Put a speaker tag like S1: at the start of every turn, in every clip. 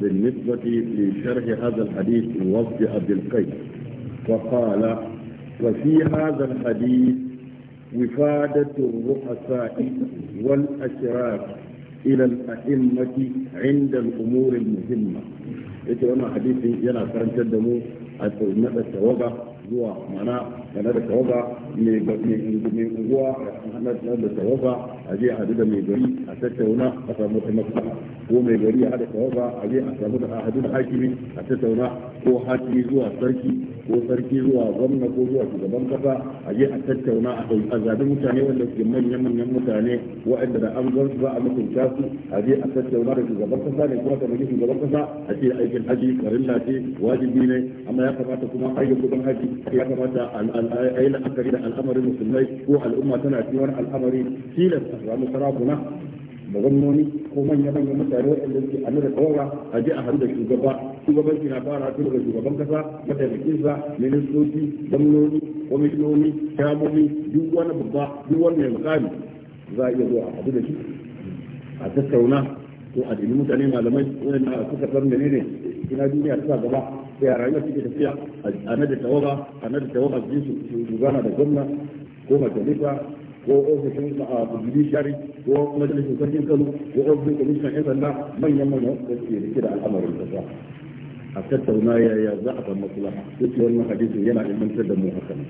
S1: بالنسبة لشرح هذا الحديث من وفد عبد القيس وقال وفي هذا الحديث وفادة الرؤساء والأشراف إلى الأئمة عند الأمور المهمة أنا حديثي ينا كان تدمو أتو نبت وضع زوا معناه kana da tawaga mai mai unguwa ana da tawaga a je a da mai gari a tattauna a samu ta maslaha ko mai gari a hada tawaga a je a samu da hadu da hakimi a tattauna ko hakimi zuwa sarki ko sarki zuwa gwamna ko zuwa shugaban kasa a je a tattauna a dauki mutane wanda suke manyan manyan mutane waɗanda da an gan su ba a mutunta su a je a tattauna da shugaban kasa ne kuma kamar shugaban kasa a ce aikin haji karilla ce wajibi ne amma ya kamata kuma aikin kudin haji ya kamata a. ai la'akari da al'amarin musulmai ko al'umma tana cikin wani al'amari tilas a samu sarakuna da gwamnoni ko manya-manyan mutane waɗanda suke a nuna ɗora a je a haɗu da shugaba shugabanci na fara tun daga shugaban kasa mataimakinsa ministoci gwamnoni kwamishinoni shamomi duk wani babba duk wani mai mukami za a iya zuwa a haɗu da shi a tattauna to a dini mutane malamai wanda a kusa karni ne ne ina duniya ta gaba sai a rayuwa suke tafiya a nada tawaga a nada tawaga su su gana da gwamna ko majalisa ko ofishin a judiciary ko majalisar sarkin kano ko ofishin kwamishinan yan sanda manyan manyan da suke da al'amarin kasa a tattauna yaya za a samu maslaha duk wannan hadisi yana ilmantar da mu hakan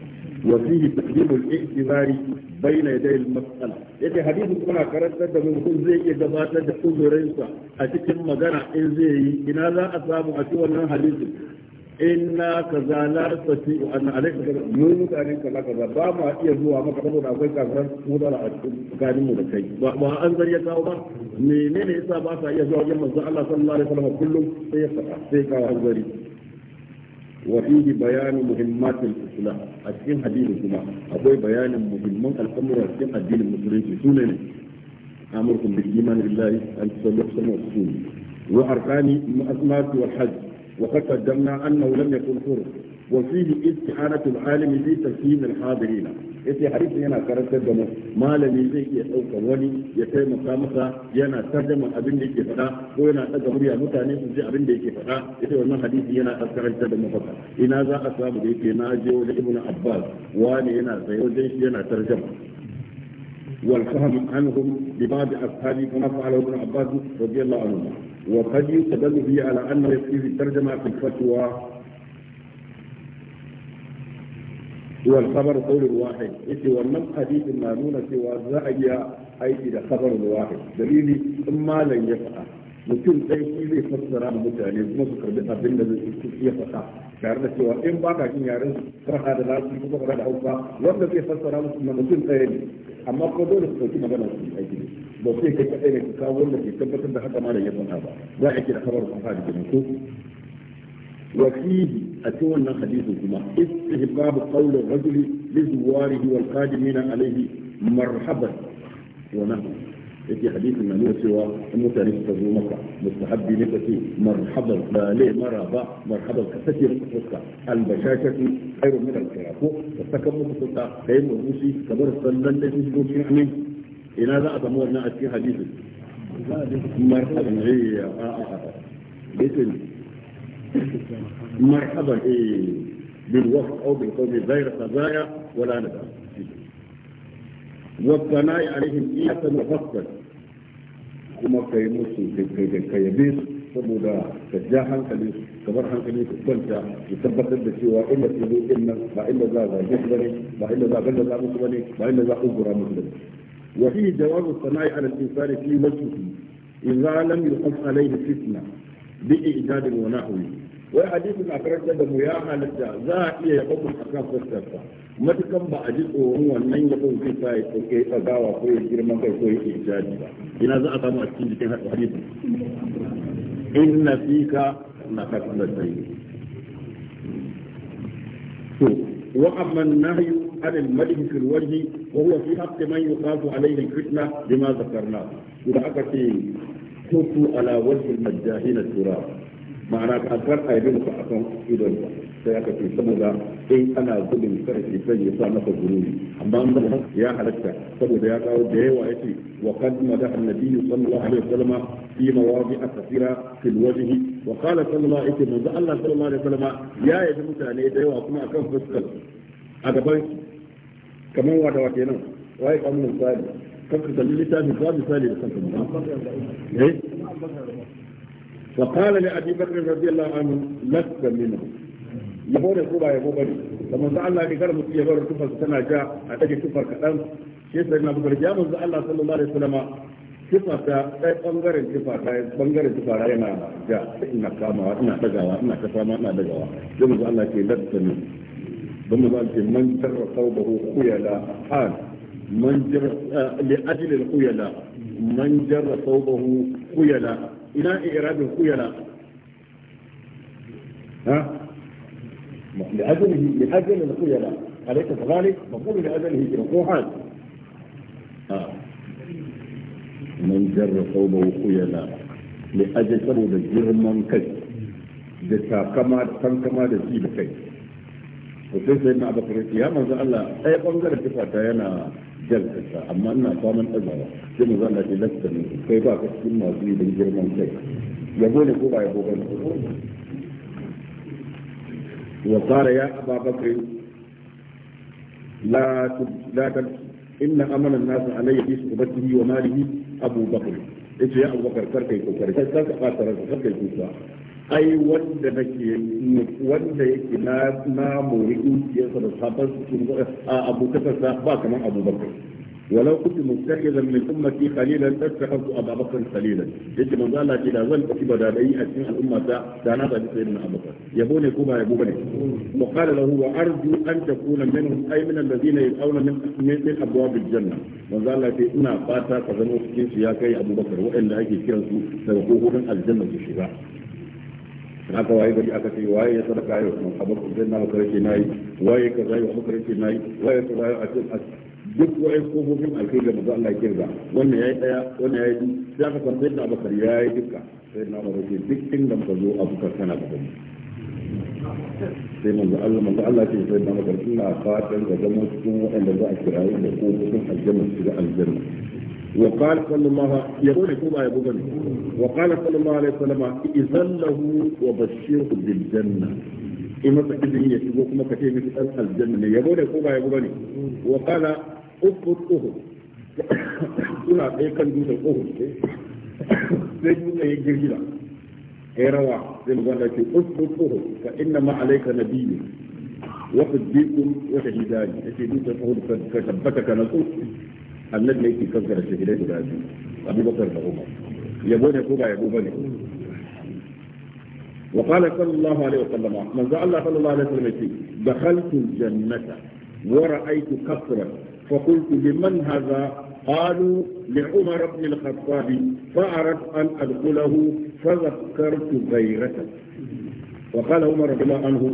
S1: wa fihi i'tibari baina yaday al mas'al yace hadisi kuma karantar da mutum zai iya gabatar da kudurinsa a cikin magana in zai yi ina za a samu a cikin wannan hadisi inna kaza la tati an alayka mu mutane kaza kaza ba ma iya zuwa maka saboda akwai kafiran mutala a cikin tsakanin mu da kai ba ba an zariya kawo ba menene yasa ba sa iya zuwa wajen manzo Allah sallallahu alaihi wasallam kullum sai ya faɗa sai kawo an zari وفيه بيان مهمات الإسلام أتكين حديث كما أبوي بيان مهمات الأمر أتكين الدين المسلمين سنن أمركم بالإيمان بالله أن تصلوا وتصوموا وأركان الصلاة والحج وقد قدمنا أنه لم يكن فرض وفيه استعانة العالم في تفهيم الحاضرين yace hadisi yana karantar da mu malami zai iya ɗaukar wani ya taimaka masa yana tarjama abin da yake faɗa ko yana ɗaga murya mutane su je abin da yake faɗa yace wannan hadisi yana karantar da mu haka ina za a samu da yake na je wajen ibnu abbas wani yana tsaye wajen shi yana tarjama والفهم عنهم لبعض أصحابه كما فعل ابن عباس رضي الله عنهما وقد يستدل به على ان يكفي الترجمة في الفتوى هو الخبر قول واحد إذ ونم حديث المامونه نون أي إذا خبر واحد دليلي إما لن يفعل mutum ɗaya shi zai fassara da mutane kuma su karbi abin da zai iya faɗa tare da cewa in ba ka jin yaren fara da lafi kuma fara da hausa wanda zai fassara musu na mutum ɗaya ne amma ko dole su ɗauki magana su aiki ne ba sai kai kaɗai ne ka kawo wanda ke tabbatar da haka ma da ya faɗa ba za a kira kamar su fara da ko وفيه أتون حديث كما استحباب قول الرجل لزواره alayhi marhaban wa ونهو في حديث المنوع سوى المتنس في مكة مستحب لكتي مرحبا بالي مرحبا مرحبا كتتي مكة البشاشة خير من الكرافو تتكم مكتا خير مرموسي كبر صلن لكي تبوكي عمي إلا ذا أتمور نعت في حديث مرحبا هي إيه، آه، آه، آه. بيتن مرحبا إيه بالوقت أو بالقول غير خزايا ولا ندعم والثناء عليهم إيه مفصل كما كيموس كيبيس سبودا تجاهل كليس كبر كليس بنتا يثبت الدشي وإلا تلو إلا ما إلا ذا ذا جهبني ما إلا ذا غلا ذا مطبني ما إلا ذا أغرى مطبني وفيه جواب الثناء على الإنسان في وجهه إذا لم يقف عليه فتنة بإعداد ونحوه wai hadisin na karanta da mu ya halitta za a iya yaba mun akan fassarsa matukan ba a ji tsoron wannan yabon zai sa ya tsoke tsagawa ko ya girman kai ko ya ke jadi ba ina za a samu a cikin jikin hadisin inna fika na kasance وأما النهي عن المدح في الوجه وهو في حق من يخاف عليه الفتنة بما ذكرناه إذا أكثر كفوا على وجه المجاهين التراب ma'ana ka kar a yi ka a kan idon ka sai aka ce saboda in ana gudun kada ke sai ya sa maka gururi amma ya halatta saboda ya kawo da yawa yake wa qad madaha an-nabiyyu sallallahu alaihi wasallam fi mawadi'a kathira fil wajhi wa qala sallallahu alaihi wasallam Allah sallallahu alaihi wasallam ya yi mutane da yawa kuma akan fuskar a gaban kamar wada wata nan wai kamun misali kanka da littafin ba misali da kanka ne eh? فقال لأبي بكر رضي الله عنه لست منه يبون يقول يا بكر لما سأل الله إذا لم تكن يبون تفر سنة جاء أتجي تفر كتام شيء سيدنا أبو بكر جامع الله صلى الله عليه وسلم تفر تا أي بنجر تفر تا بنجر تفر أنا جاء إن كام وأنا بجوا إن كام وأنا بجوا جمع الله كي لست منه ثم قال من جر ثوبه خيلا حال من جر آه، لأجل الخيلاء من جر ثوبه خيلا إلى irabin kuyala ها لأجله لأجل الخيلاء أليس كذلك؟ مقول لأجله جرحوحا آه. من جر قومه خيلاء لأجل سبب جرما كي لتاكما تنكما لسيب كي وسيد سيدنا أبو بكر يا من الله أي بنجر كفاتا ينا jalbisa amma ina samun ɗazawa sai mu zana ji lasta ne kai ba ka cikin masu yi don girman kai yabo ne ko ba yabo ba ne wa fara ya aba bakri la la ta inna amana nasu alayya bi subatihi wa malihi abu bakri yace ya abubakar karkai kokari kai ka ka fara karkai kusa ai wanda nake wanda yake na na mori dukiyarsa da safar cikin abokansa ba kamar abubakar ولو كنت متخذا من امتي خليلا لاتخذت ابا بكر خليلا yake manzo Allah ce da zan tafi badalai a cikin al'umma ta da na tafi sayyidina Abu Bakar yabo ne ko ba yabo bane wa qala lahu wa arju an takuna minhum ay min alladhina yad'una min min abwab al-janna manzo Allah ce ina fata ka zama cikin su ya kai abubakar Bakar waɗanda ake kiransu daga kokorin aljanna su shiga haka waye gari aka ce waye ya sadaka yau abu idan na bakar ke nayi waye ka zai wa bakar ke nayi waye ka zai a cikin duk waye kofofin alkai da manzo Allah kirga wannan yayi daya wannan yayi sai aka san sayyidina Abubakar yayi duka sai na Abubakar ce duk inda muka zo Abubakar kana da mu sai manzo Allah manzo Allah ce sai sayyidina Abubakar ina fatan ga zama cikin waɗanda za a kirayi da kofofin aljanna su ga aljanna وقال صلى الله يقول يكوبا يا بني وقال صلى الله عليه وسلم إذا له وبشره بالجنة إما تكذبين يشبه كما كتير مثل الجنة يقول يكوبا يا بني وقال أفضل أهد كنا أيكا دوس الأهد سيجب أن يجرجل أي روا زي ما قال لك أفضل أهد فإنما عليك نبي وصديق وشهدان يشهدون تفهد كتبتك نصوص annabi ne yake kankara shahidai guda biyu abubakar da umar yabo ne ko ba yabo ba ne وقال صلى الله عليه وسلم من ذا الله صلى الله عليه وسلم دخلت الجنة ورأيت كفرا فقلت لمن هذا قالوا لعمر بن الخطاب فأردت أن أدخله فذكرت غيرته وقال عمر رضي الله عنه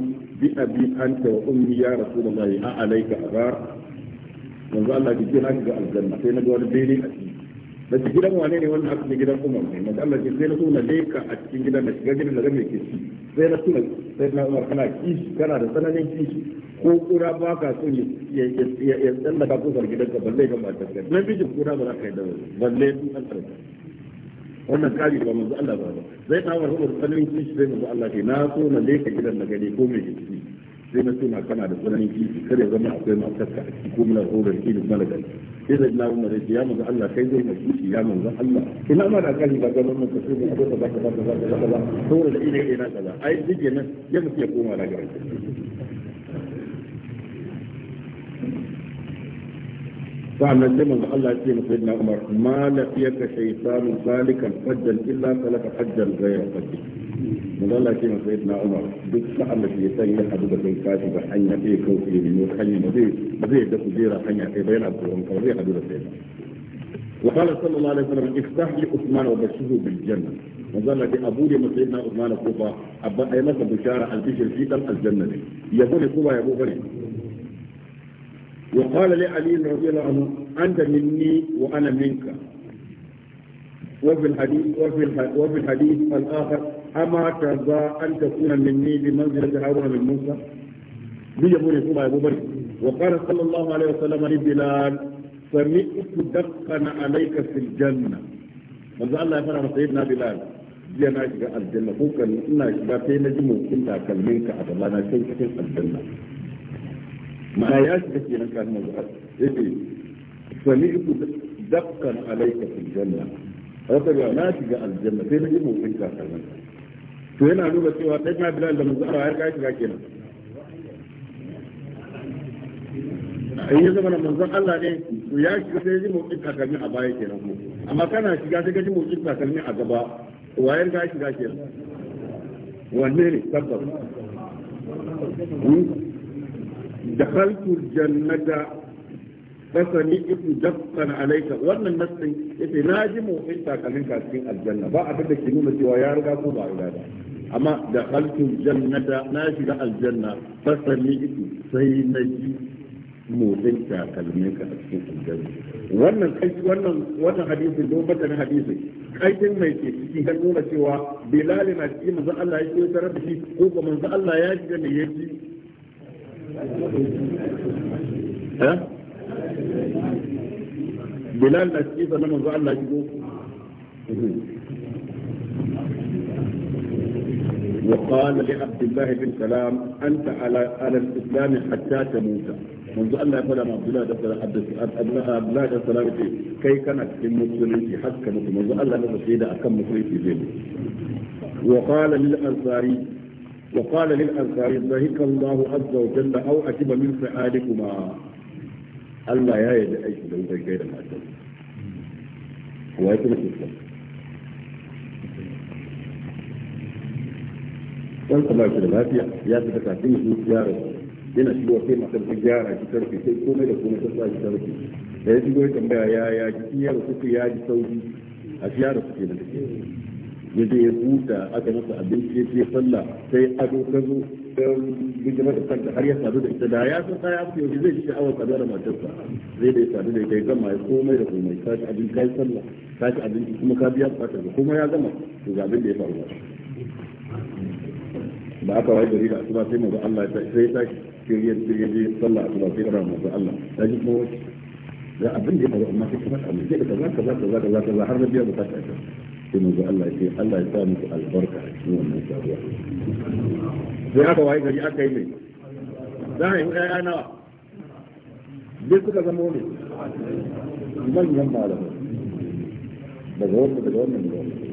S1: بأبي أنت وأمي يا رسول الله أعليك أغار yanzu Allah ki kira ki ga aljanna sai na ga wani bene a ciki da ci gidan wane ne wannan aka gidan Umar ne manzo Allah ki sai na tuna leka a cikin gidan da shiga gidan da zai ke ci sai na tuna sai na Umar kana kishi kana da sananin kishi ko kura ba ka so ya ya tsallaka kusar gidan ka balle ga matar ka dan biji kura ba za ka yi da balle sun an tsare wannan kari ba manzo Allah ba zai ta Umar Umar sananin kishi sai manzo Allah ke na so na leka gidan da gani ko me ke sai na suna kana da tsanani kifi kada ya zama akwai matarka a ciki ko muna ke da malakai sai da na umar ya ya manzo Allah kai zai na kishi ya manzo Allah ina ma da kai ba gaban mun ka sai a ka ba ka ba ka ba ka ba horar da ilin ina kaza ai duk nan ya mutu ya koma da garin فعمل لما الله سيما سيدنا عمر ما لقيك شيطان ذلك حجا الا فلك حجا غير حجا من الله سيما سيدنا عمر دك فعمل شيطان يحب بكي كاتب حين في كوكي بموت حين مزيد مزيد دك زيرا حين في بين عبدهم فوزي حدود السيدنا وقال صلى الله عليه وسلم افتح لي عثمان وبشره بالجنة وظل في أبوه سيدنا عثمان الصوفة أبا أي مثل بشارة الجنة يقول الصوفة يا أبو وقال لعلي رضي الله عنه أنت مني وأنا منك وفي الحديث وفي الحديث, وفي الحديث الآخر أما ترضى أن تكون مني بمنزلة هارون من موسى بيقول يقول أبو بكر وقال صلى الله عليه وسلم لبلال سمعت دقا عليك في الجنة manzo Allah ya fara masa yadda Bilal jiya na shiga aljanna ko kan ina shiga عبد الله ji motsin takalminka ma'ana ya shiga kenan kan manzo yace sami'tu dakkan alayka fil janna haka ga na shiga aljanna sai na ji motsin kasanin to yana nuna cewa ɗan na bilal da manzo ya kai shiga kenan in ya zama manzon Allah ne to ya shiga sai ji motsin kakalmi a baya kenan ko amma kana shiga sai ka ji motsin kakalmi a gaba wayar ga shiga kenan wanne ne tabbas hmm? dakhaltu jannata fasani ibn jabban alayka wannan nasin yace na ji motsin takalmin ka cikin aljanna ba abin da ke nuna cewa ya riga ko ba riga ba amma dakhaltu jannata na shiga aljanna fasani ibn sai na ji motsin takalmin ka a cikin aljanna wannan kai wannan wannan hadisi don bata na hadisi kaitin mai ke ciki kan nuna cewa bilal na cikin manzon Allah ya ce tarar shi ko ga manzon Allah ya ji da ne ya ji ها بلال na cikin sannan manzo Allah وقال لعبد الله بن سلام أنت على على الإسلام حتى تموت منذ أن لا يفعل مع عبد الله عبد الله بن سلام كي كانت في المسلمين في حتى منذ أن لا نفسي أكم مسلمين وقال للأنصاري وقال للأنصار ضحك الله عز وجل أو أتب من سؤالكما الله يا يد أيش لو تجينا ما تقول هو يتم الإسلام كان كما يقول الله في حيات تكاتين في السيارة هنا شبوة في مقام تجارة جسر في شيء كومي لكومي تطلع جسر في شيء يجب أن يكون يا يا جسر في يا جسر في السيارة في السيارة ya je ya huta aka masa abinci ya ce sallah sai ado ta zo bijimar da kanta har ya sadu da ita da ya san kaya abu yau zai shi awon sadu da matarsa zai da ya sadu da kai gama ya komai da komai ka ci abin kai sallah ka ci abinci kuma ka biya bukatar da kuma ya gama to ga abin da ya faru ba aka wayi gari da asuba sai mu ga Allah ya sai ya tashi kiriyar sai ya je sallah asuba sai ya rama ga Allah ya ji kuma da abin da ya faru amma sai ka faɗa mu sai ka kaza kaza kaza kaza har na biya bukatar sai mu ga Allah ya Allah ya sa muku albarka a cikin wannan sabuwa sai aka waye gari aka yi mai za a yi ƴaƴa nawa duk suka zama wani manyan malamai daga wannan daga wannan daga wannan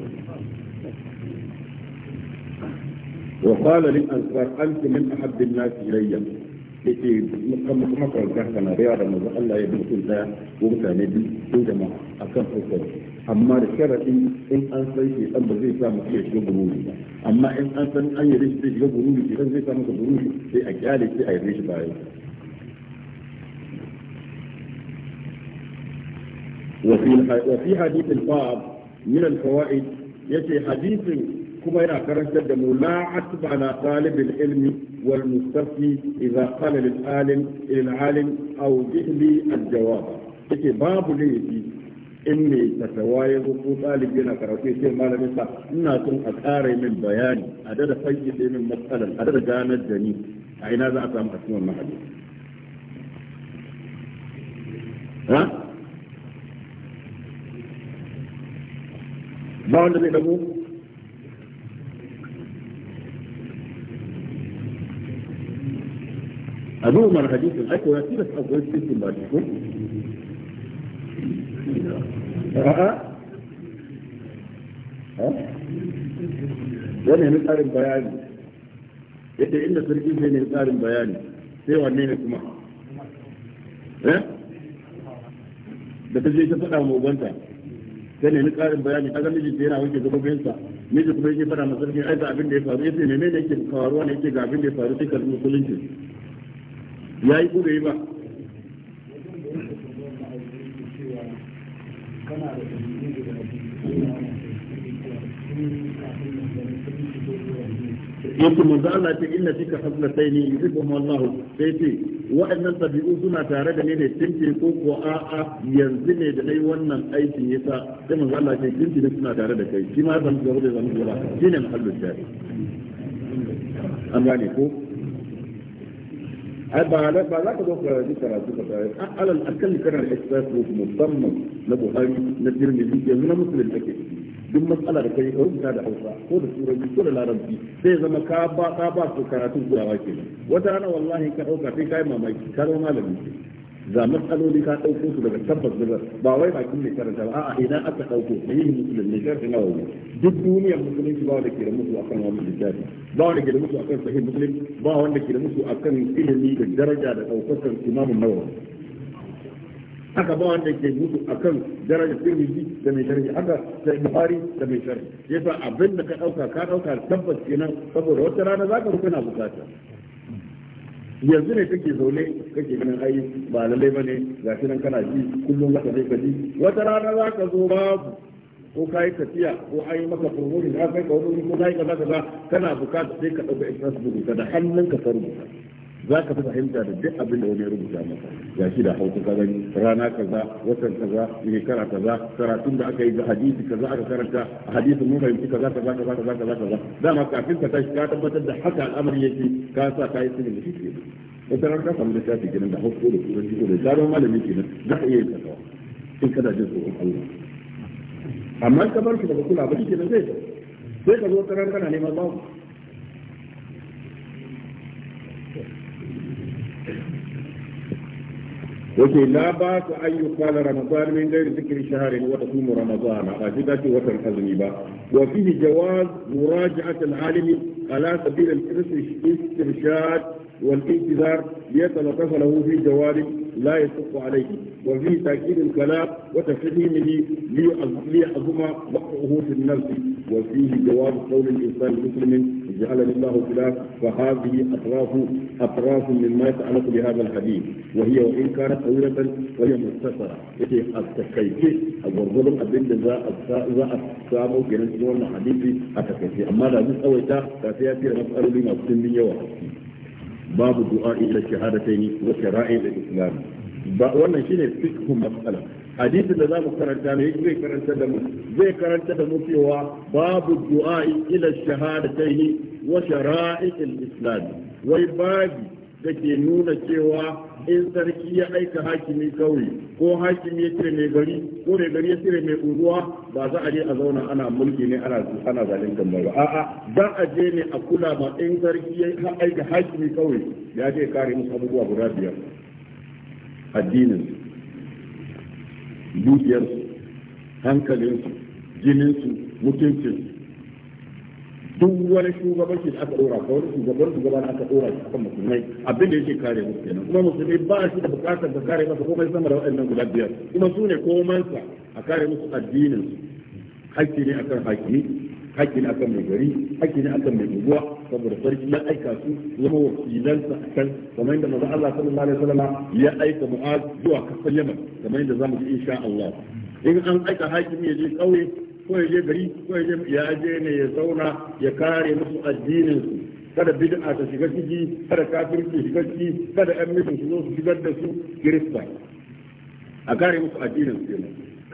S1: وقال للأنصار أنت من أحب الناس إلي yake makaranta kana da yawa da manzo Allah ya bi sun da mutane biyu da jama'a akan fuskar amma da sharaɗi in an san shi dan ba zai sa mutum ya shiga bururi ba amma in an san an yi rishi zai shiga bururi idan zai sa masa bururi sai a kyale sai a yi rishi bayan وفي حديث الباب من الفوائد يأتي حديث كما يرى كرنت لا عتب على طالب العلم والمستفتي إذا قال للعالم للعالم أو به الجواب يأتي باب ليتي in mai tattawa ya zo ko ɗalibi yana karatu sai malamin sa ina son a ƙara min bayani a dada fayyace min matsalar a dada ganar da ni a ina za a samu a cikin wannan hadisi ha ba wanda zai dago a zuwa mara hadisin aiko ya tilasta a gwai cikin ba shi wani ne tsarin bayani yadda inda sarki zai ne tsarin bayani sai wanne ne kuma eh? da ta je ta faɗa wa ubanta sai ne tsarin bayani kaga miji ta yana wanke gabobinsa miji kuma yake faɗa masa sarki ai ga abin da ya faru yace menene yake faruwa ne yake ga abin da ya faru sai ka musulunci yayi ko bai ba yake manzo Allah ce inna fika haslatayn yuhibbuhum Allah sai ce wa'annan tabi'u suna tare da ni ne tinke ko ko a'a yanzu ne da dai wannan aikin yasa sai manzo Allah ce tinke da suna tare da kai shi ma ban gaba da zan gaba shine mahallu shari an gane ko ai ba da ba za ka zo ka ji karatu ka tare alal akal kana da ihsas musamman na Buhari na Tirmidhi yanzu na Muslim take duk matsala da kai rubuta da Hausa ko da Turanci ko da Larabci sai zama ka ba ka ba su karatun kulawa kenan wata rana wallahi ka dauka sai kai mamaki ka zama malami za matsaloli ka dauko su daga tabbas daga ba wai bakin ne karanta ba a'a idan aka dauko yin muslim ne karfi na wani duk duniyar musulunci ba wanda ke da musu akan wani littafi ba wanda ke da musu akan sahih muslim ba wanda ke da musu akan ilimi da daraja da daukar imamun nawawi haka ba wanda ke mutu kan darajar tirmidhi da mai sharhi haka da buhari da mai sharhi yasa abin da ka dauka ka dauka tabbas kenan saboda wata rana zaka rufe na bukata yanzu ne kake zaune kake ganin ai ba lalle bane ga shi nan kana ji kullum ka je ka ji wata rana za ka zo babu ko ka yi tafiya ko ai maka promotion ka kai ka wani ko kai kaza kaza kana bukata sai ka dauka express book da hannunka ka rubuta za ka fi fahimta da duk abin da wani ya rubuta maka ga shi da hausa ka gani rana kaza watan kaza shekara kaza karatun da aka yi ga hadisi kaza aka karanta a hadisin mun fahimci kaza kaza kaza kaza kaza kaza dama kafin ka tashi ka tabbatar da haka al'amari yake ka sa ka yi sirri da shi ke wata ran ka samu da shafi kenan da hausa da turanci ko da jaron malami kenan za ka iya yin kasawa in kana jin tsoron Allah amma ka bar shi daga kula ba shi kenan zai sai ka zo ta ran kana neman babu وفي لا باس ان يقال رمضان من غير ذكر شهر وتصوم رمضان راشدة وتنحزن به وفيه جواز مراجعه العالم على سبيل الاسترشاد والانتظار ليتلطف له في جواره لا يشق عليه وفيه تأكيد الكلام وتفهيمه ليعظم وقعه في النفس وفيه جواب قول الإنسان المسلم جعلني الله خلاف فهذه أطراف أطراف مما يتعلق بهذا الحديث وهي وإن كانت طويلة فهي مختصرة يتي التكيف الظلم الذي ذا ذا السامو كنا الحديث التكيف أما لا نسوي تا فيها بما لما تسمي وحسين babu du'a ila shahadatayn wa shara'i al-islam ba wannan shine fiqh mas'ala hadisin da zamu karanta ne zai karanta da mu zai karanta da mu cewa babu du'a ila shahadatayn wa shara'i al-islam wai babu take nuna cewa in sarki ya aika hakimi kawai ko hakimi ya cire mai gari ko mai gari ya cire mai unguwa ba za a je a zauna ana mulki ne ana ana zalin ba a'a za a je ne a kula ba in sarki ya aika hakimi kawai ya je kare musu abubuwa guda biyar addinin dukiyarsu hankalinsu jininsu mutuncinsu duk wani shugabanci da aka dora ko wani shugaban shugaban aka dora shi akan musulmai abin da yake kare musu kenan kuma musulmi ba shi da bukatar da kare masa komai sama da waɗannan guda biyar kuma su ne komansa a kare musu addinin hakki ne akan hakimi hakki ne akan mai gari hakki ne akan mai guguwa saboda sarki ya aika su zama wakilansa a kan kamar yadda maza Allah sallallahu alaihi wasallam ya aika mu'az zuwa kasar Yaman kamar yadda zamu ji insha Allah in an aika hakimi ya je kauye ko ya je gari ko ya je ya je ne ya zauna ya kare musu addinin su kada bid'a ta shiga ciki kada kafirci shiga ciki kada ɗan mutum su zo su shigar da su kirista a kare musu addinin su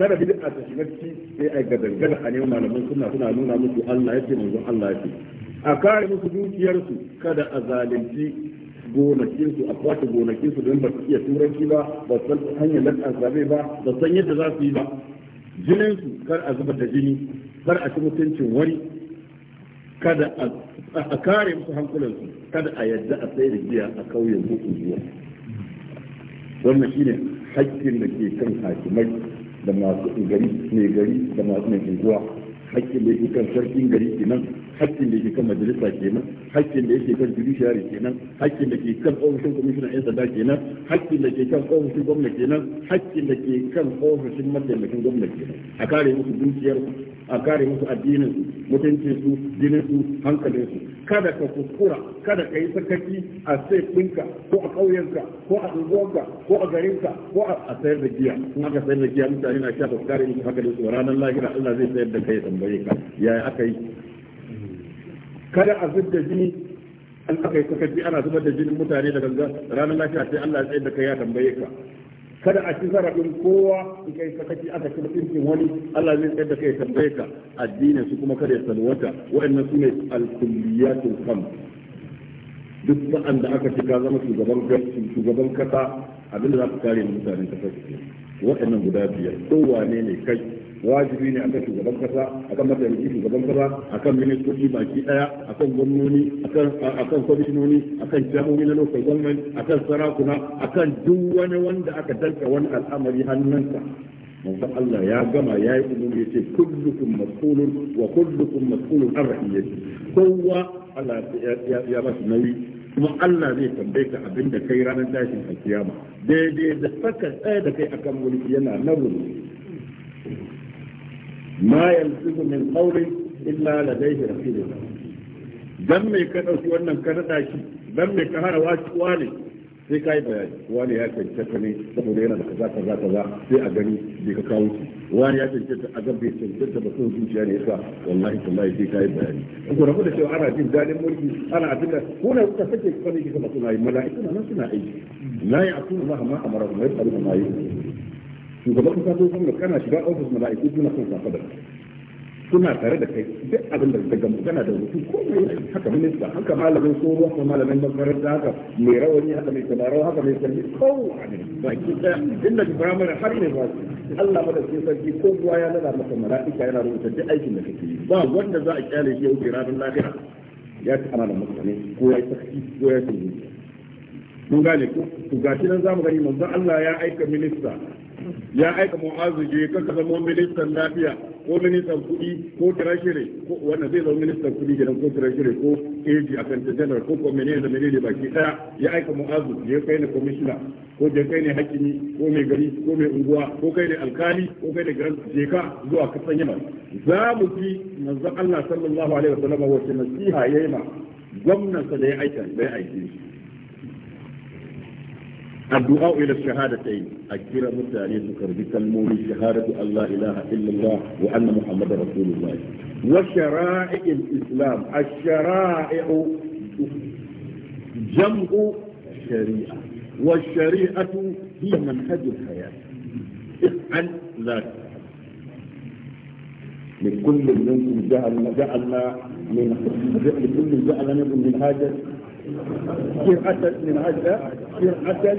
S1: kada bid'a ta shiga ciki sai ai dangana a neman malaman suna suna nuna musu Allah yake manzo Allah yake a kare musu dukiyarsu kada a zalunci gonakinsu a kwace gonakinsu don ba su iya turanci ba ba su san hanyar da ba ba san yadda za su yi ba jininsu kar a zubar da jini kar a ci mutuncin wani kada a kare musu hankulansu kada a yadda a sai da a kauyen su zuwa wannan shine haƙƙin da ke kan hakimai da masu gari mai gari da masu mai unguwa haƙƙin da ke kan sarkin gari kenan hakkin da yake kan majalisa kenan hakkin da yake kan judiciary kenan hakkin da ke kan ofishin commissioner yan sanda kenan hakkin da ke kan ofishin gwamna kenan hakkin da ke kan ofishin mataimakin gwamna kenan a kare musu dukiyar a kare musu addinin su mutuncin su jinin su hankalin su kada ka kuskura kada ka yi sakaci a sai ɗinka ko a ƙauyenka ko a unguwarka ko a garinka ko a sayar da giya kuma aka sayar da giya mutane na sha ba kare musu hankalin su ranar lahira Allah zai sayar da kai tambaye ka yaya aka yi kada a zubda jini an aka yi sakaci ana zubar da jinin mutane da ganga ranar lafiya sai Allah ya tsaye da kai ya tambaye ka kada a ci zarafin kowa in kai sakaci aka ci mutuncin wani Allah zai tsaye da kai ya tambaye ka addinin su kuma kada ya salwata waɗannan su ne al-kulliyatul khams duk sa'an da aka ci ka zama shugaban shugaban kasa abinda za ka kare mutanen kasa waɗannan guda biyar kowane ne kai wajibi ne akan shugaban kasa akan mataimakin shugaban kasa akan ministoci baki daya akan gwamnoni akan akan kwamishinoni akan jami'o'i na local government akan sarakuna akan duk wani wanda aka danka wani al'amari hannunsa manzo Allah ya gama ya yi umumi ya ce kullukum mas'ulun wa kullukum mas'ulun an rahiyyati kowa Allah ya ba shi nauyi kuma Allah zai tambaye ka abin da kai ranar tashin kiyama daidai da saka tsaye da kai akan mulki yana na rubutu ma yalfizu min qawli illa ladayhi raqibun dan me ka wannan ka ki, shi dan mai ka hara waciwa ne sai kai bayani wani ya cancanta ne saboda yana da kaza kaza kaza sai a gani bai ka kawo shi wani ya ta, a ga bai ta ba so zuciya ne yasa wallahi wallahi sai kai bayani ko rabu da cewa ana jin dalin mulki ana abinda ko na kuka sake kwani kika ba suna yi mala'iku na nan suna aiki la ya'tuna Allah ma amara wa yafaluna ma yu'minu shugaban kasa sun san kana shiga ofis mala'iku suna son safa da suna tare da kai duk abin da daga magana da mutum ko mai haka minista haka malamin tsoro haka malamin makaranta haka mai rawani haka mai tabarau haka mai sarki kowa ne baki daya inda ki fara mana har ne ba Allah madaukakin sarki ko kuwa ya nada maka mala'ika yana rubuta duk aikin da kake yi ba wanda za a kyale shi ya wuce ranar lafiya ya ci ana da mutane ko ya yi sarki ko ya ci kun gane ku ga shi nan za mu gani manzon Allah ya aika minista ya aika mu'azu je ka ka zama ministan lafiya ko ministan kuɗi ko treasury ko wannan zai zama ministan kuɗi gidan ko treasury ko AG accountant general ko ko menene da menene baki daya ya aika mu'azu je kai ne commissioner ko je kai ne hakimi ko mai gari ko mai unguwa ko kai ne alkali ko kai ne grand je ka zuwa sanya yamma za mu ji manzon Allah sallallahu alaihi wasallam wace nasiha yayi ma gwamnatin da ya aika da ya aike الدعاء إلى الشهادتين أكثر مثالي سكر كلمون شهادة الله إله إلا الله وأن محمد رسول الله وشرائع الإسلام الشرائع جمع شريعة والشريعة هي منهج الحياة افعل ذلك لكل منكم جعلنا جعلنا من لكل جعلنا من هذا شرعة من هذا شرعة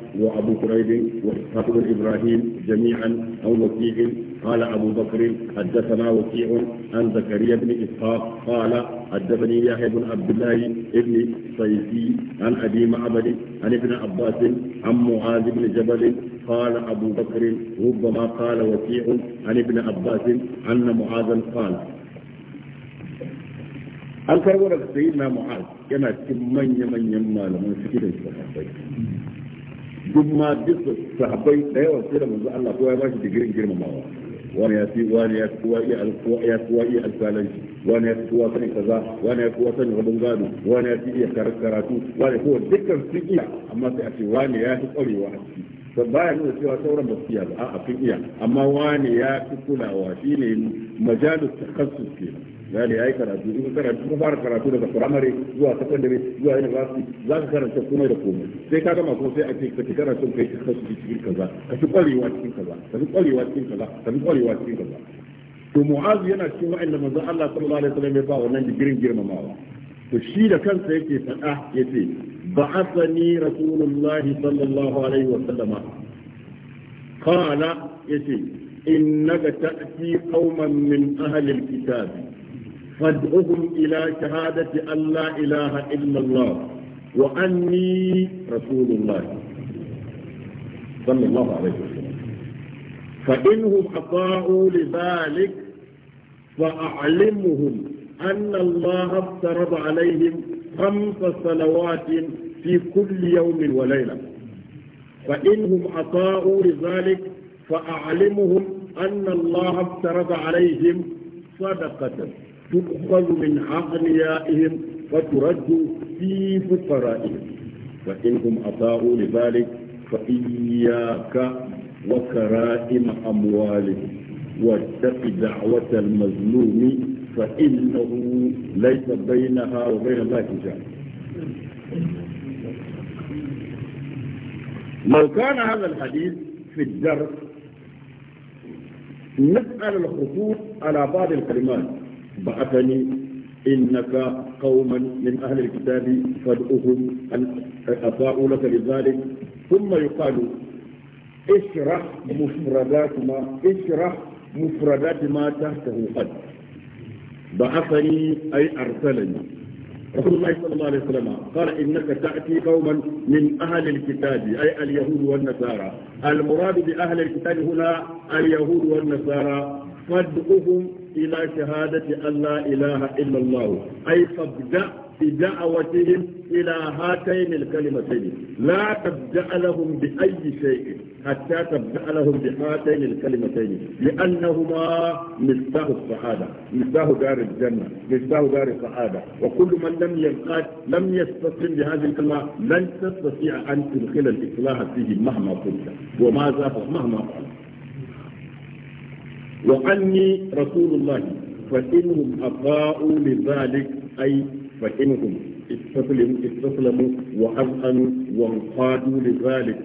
S1: وأبو كريب وإسحاق بن إبراهيم جميعا أو وكيع قال أبو بكر حدثنا وكيع عن زكريا بن إسحاق قال حدثني يحيى بن عبد الله بن صيفي عن أبي معبد عن ابن عباس عن معاذ بن جبل قال أبو بكر ربما قال وكيع عن ابن عباس أن معاذا قال an karbo daga sayyidina mu'az yana cikin manya-manyan malaman suke da duk ma duk sahabbai da yawa sai da manzo Allah kowa ya bashi digirin girmamawa wani ya fi wani ya kuwa iya alkuwa ya kuwa iya alkalanci wani ya kuwa sani kaza wani ya kuwa sani rabon gado wani ya fi iya karatu wani kuwa dukkan su iya amma sai a ce wani ya fi kwarewa a ciki ba baya nuna cewa sauran ba su iya ba a fin iya amma wani ya fi kulawa shine majalus takhassus kenan misali ya yi karatu in karatu kuma fara karatu daga firamare zuwa sakandare zuwa university za ka karanta komai da komai sai ka gama kuma sai a ce ka ci karatu kai ka kasu cikin kaza ka ci kwarewa cikin kaza ka ci kwarewa cikin kaza ka ci kwarewa cikin kaza to mu'azu yana cikin wa'anda manzon Allah sallallahu alaihi wasallam ya ba wannan digirin girmamawa to shi da kansa yake faɗa yace ba'athani rasulullahi sallallahu alaihi wasallama qala yace innaka ta'ti qauman min ahli alkitabi فادعهم إلى شهادة أن لا إله إلا الله وأني رسول الله صلى الله عليه وسلم فإنهم أطاعوا لذلك فأعلمهم أن الله افترض عليهم خمس صلوات في كل يوم وليلة فإنهم أطاعوا لذلك فأعلمهم أن الله افترض عليهم صدقة تؤخذ من أغنيائهم وترد في فقرائهم فإنهم أطاعوا لذلك فإياك وكرائم أموالهم واتق دعوة المظلوم فإنه ليس بينها وبين الله حجاب لو كان هذا الحديث في الدرس نسأل الخطوط على بعض الكلمات بعثني إنك قوما من أهل الكتاب فادعوهم أن أطاعوا لك لذلك ثم يقال اشرح مفردات ما اشرح مفردات ما تحته قد بعثني أي أرسلني رسول الله صلى الله عليه وسلم قال إنك تأتي قوما من أهل الكتاب أي اليهود والنصارى المراد بأهل الكتاب هنا اليهود والنصارى فادعوهم إلى شهادة أن لا إله إلا الله أي فابدأ بدعوتهم إلى هاتين الكلمتين لا تبدأ لهم بأي شيء حتى تبدأ لهم بهاتين الكلمتين لأنهما مفتاح السعادة مفتاح دار الجنة مفتاح دار السعادة وكل من لم يلقات لم يستسلم بهذه الكلمة لن تستطيع أن تدخل الإصلاح فيه مهما كنت وما زاد مهما فعلت وأني رسول الله فإنهم أطاعوا لذلك أي فإنهم استسلموا استسلموا وأذعنوا وانقادوا لذلك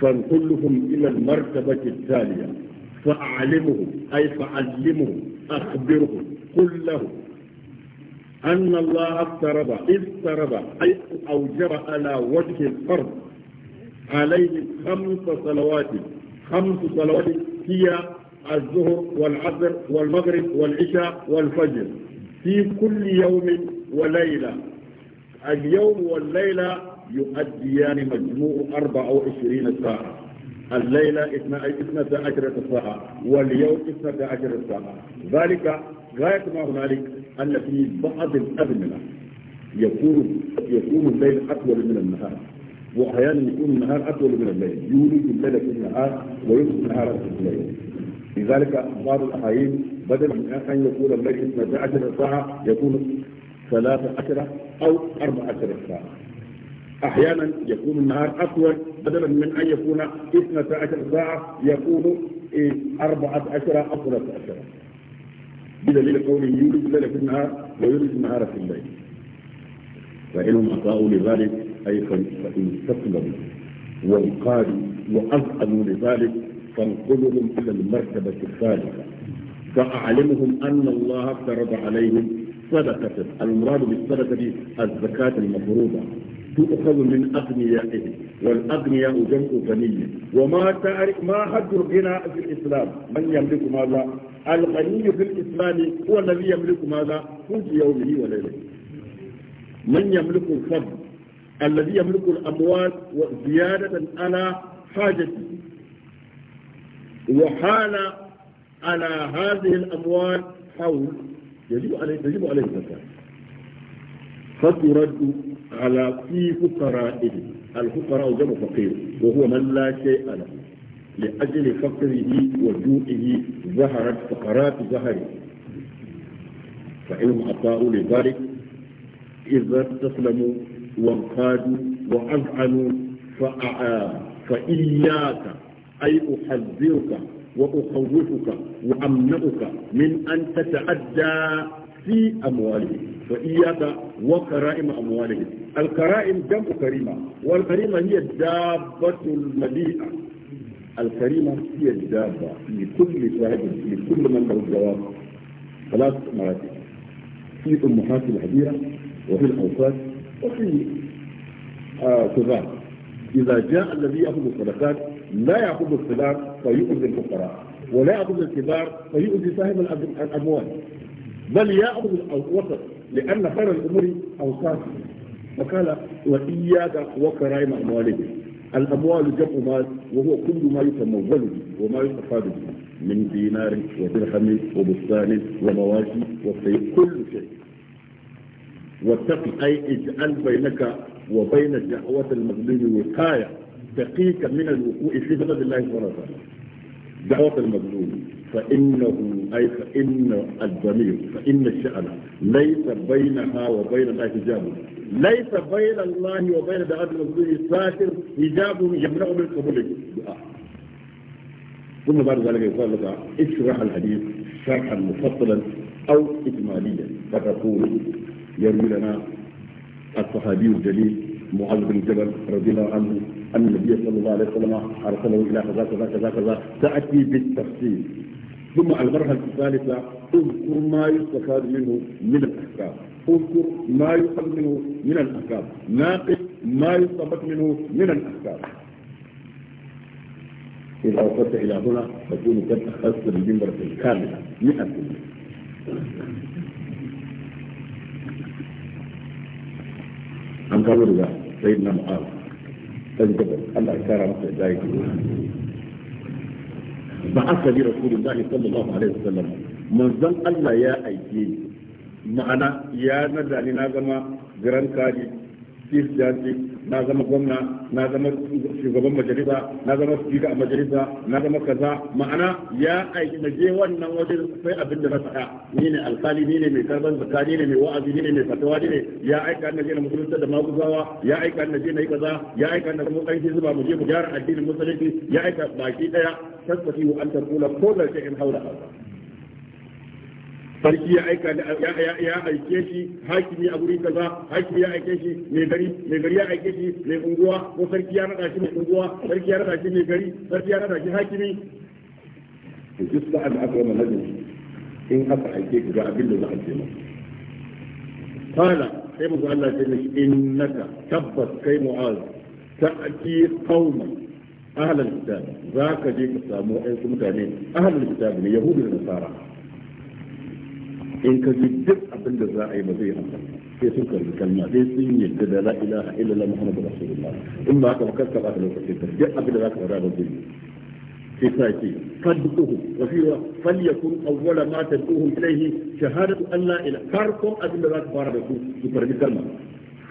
S1: فانقلهم إلى المرتبة التالية فأعلمهم أي فعلمهم أخبرهم قل لهم أن الله افترض افترض أي أوجب على وجه الأرض عليه خمس صلوات خمس صلوات هي الظهر والعصر والمغرب والعشاء والفجر في كل يوم وليلة اليوم والليلة يؤديان مجموع 24 ساعة الليلة 12 ساعة واليوم 12 ساعة ذلك غاية ما هنالك أن في بعض الأزمنة يكون يكون الليل أطول من النهار واحيانا يكون النهار اطول من الليل يولد الليل في النهار ويولد النهار في الليل لذلك بعض الاحايين بدل من ان يكون الليل 12 ساعه يكون 13 او 14 ساعه احيانا يكون النهار اطول بدلا من ان يكون 12 ساعه يكون 14 او 13 بدليل قوله يولد الليل في النهار ويولد النهار في الليل فانهم اطاعوا لذلك أي فإن استسلموا وانقادوا وأذعنوا لذلك فانقلهم إلى المرتبة الثالثة فأعلمهم أن الله افترض عليهم صدقة المراد بالصدقة الزكاة المفروضة تؤخذ من أغنيائهم والأغنياء جمع غني وما تعرف ما حد الغنى في الإسلام من يملك ماذا الغني في الإسلام هو الذي يملك ماذا كل يومه وليله من يملك الفضل الذي يملك الأموال زيادة على حاجته وحال على هذه الأموال حول يجب عليه تجب عليه الزكاة فترد على في فقرائه الفقراء جمع فقير وهو من لا شيء له لأجل فقره وجوعه ظهرت فقرات ظهره فإنهم أطاعوا لذلك إذا استسلموا وانقادوا وأذعنوا فإياك أي أحذرك وأخوفك وأمنعك من أن تتعدى في أموالهم فإياك وكرائم أموالهم الكرائم جمع كريمة والكريمة هي الدابة المليئة الكريمة هي الدابة لكل شاهد لكل من له الجواب ثلاث مراتب في أمهات الهديرة وفي الأوقات وفي كذاب آه، إذا جاء الذي يأخذ الصدقات لا يأخذ الصغار فيؤذي الفقراء ولا يأخذ الكبار فيؤذي صاحب الأموال بل يأخذ الوسط لأن خير الأمور أوصاف وقال وإياك وكرائم أموالهم الأموال جمع مال وهو كل ما يسمى به وما يستفاد من دينار ودرهم وبستان ومواشي وكل شيء واتق أي اجعل بينك وبين دعوة المظلوم وقاية تقيك من الوقوع في بلد الله سبحانه وتعالى دعوة المظلوم فإنه أي فإن الضمير فإن الشأن ليس بينها وبين الله حجاب ليس بين الله وبين دعوة المظلوم ساتر حجاب يمنع من قبول الدعاء ثم بعد ذلك يقول لك اشرح الحديث شرحا مفصلا أو إجماليا فتقول يروي لنا الصحابي الجليل معاذ بن جبل رضي الله عنه أن النبي صلى الله عليه وسلم أرسله إلى كذا كذا كذا كذا تأتي بالتفصيل ثم المرحلة الثالثة اذكر ما يستفاد منه من الأحكام اذكر ما يقل منه من الأحكام ناقش ما يستفاد منه من الأحكام إذا وصلت إلى هنا تكون قد أخذت بالجمله الكاملة 100% an kawo daga sai na mu'az dan gaba Allah ya kara masa da yake ba aka bi rasulullahi sallallahu alaihi wasallam manzon Allah ya aike ma'ana ya nazani na zama garan kaji chief justice na zama gwamna na zama shugaban majalisa na zama speaker a majalisa na zama kaza ma'ana ya aiki na je wannan wajen sai abin da na faɗa ni ne alƙali ni ne mai karban ni ne mai wa'azi ni ne mai fatawa ne ya aika na je na musulunta da maguzawa ya aika na je na yi kaza ya aika na zama ɗan zuba mu je mu gyara addinin musulunci ya aika baki ɗaya tasbati an tarkula ko da in haula sarki ya aika ya aike shi hakimi a guri kaza hakimi ya aike shi mai gari mai gari ya aike shi mai unguwa ko sarki ya nada shi mai unguwa sarki ya nada shi mai gari sarki ya nada shi hakimi duk sa'ad da aka yi manajin in aka aike ka ga abin da za a ce maka qala sai mu Allah ya ce innaka tabbas kai mu'az ta'ti qauma ahlal kitab zaka je ka samu ayyukan mutane ahlal kitab ne yahudu da nasara in ka bi duk abin da za a yi ba zai amfani sai sun karbi kalma sai sun yadda da la ilaha illallah muhammadu rasulullah in ba haka ba ka duk abin da za ka fara ba zai sai sa ce fadduhu wa fi wa falyakun awwala ma tad'uhum ilayhi shahadatu an la ilaha farkon abin da za ka fara da su su karbi kalma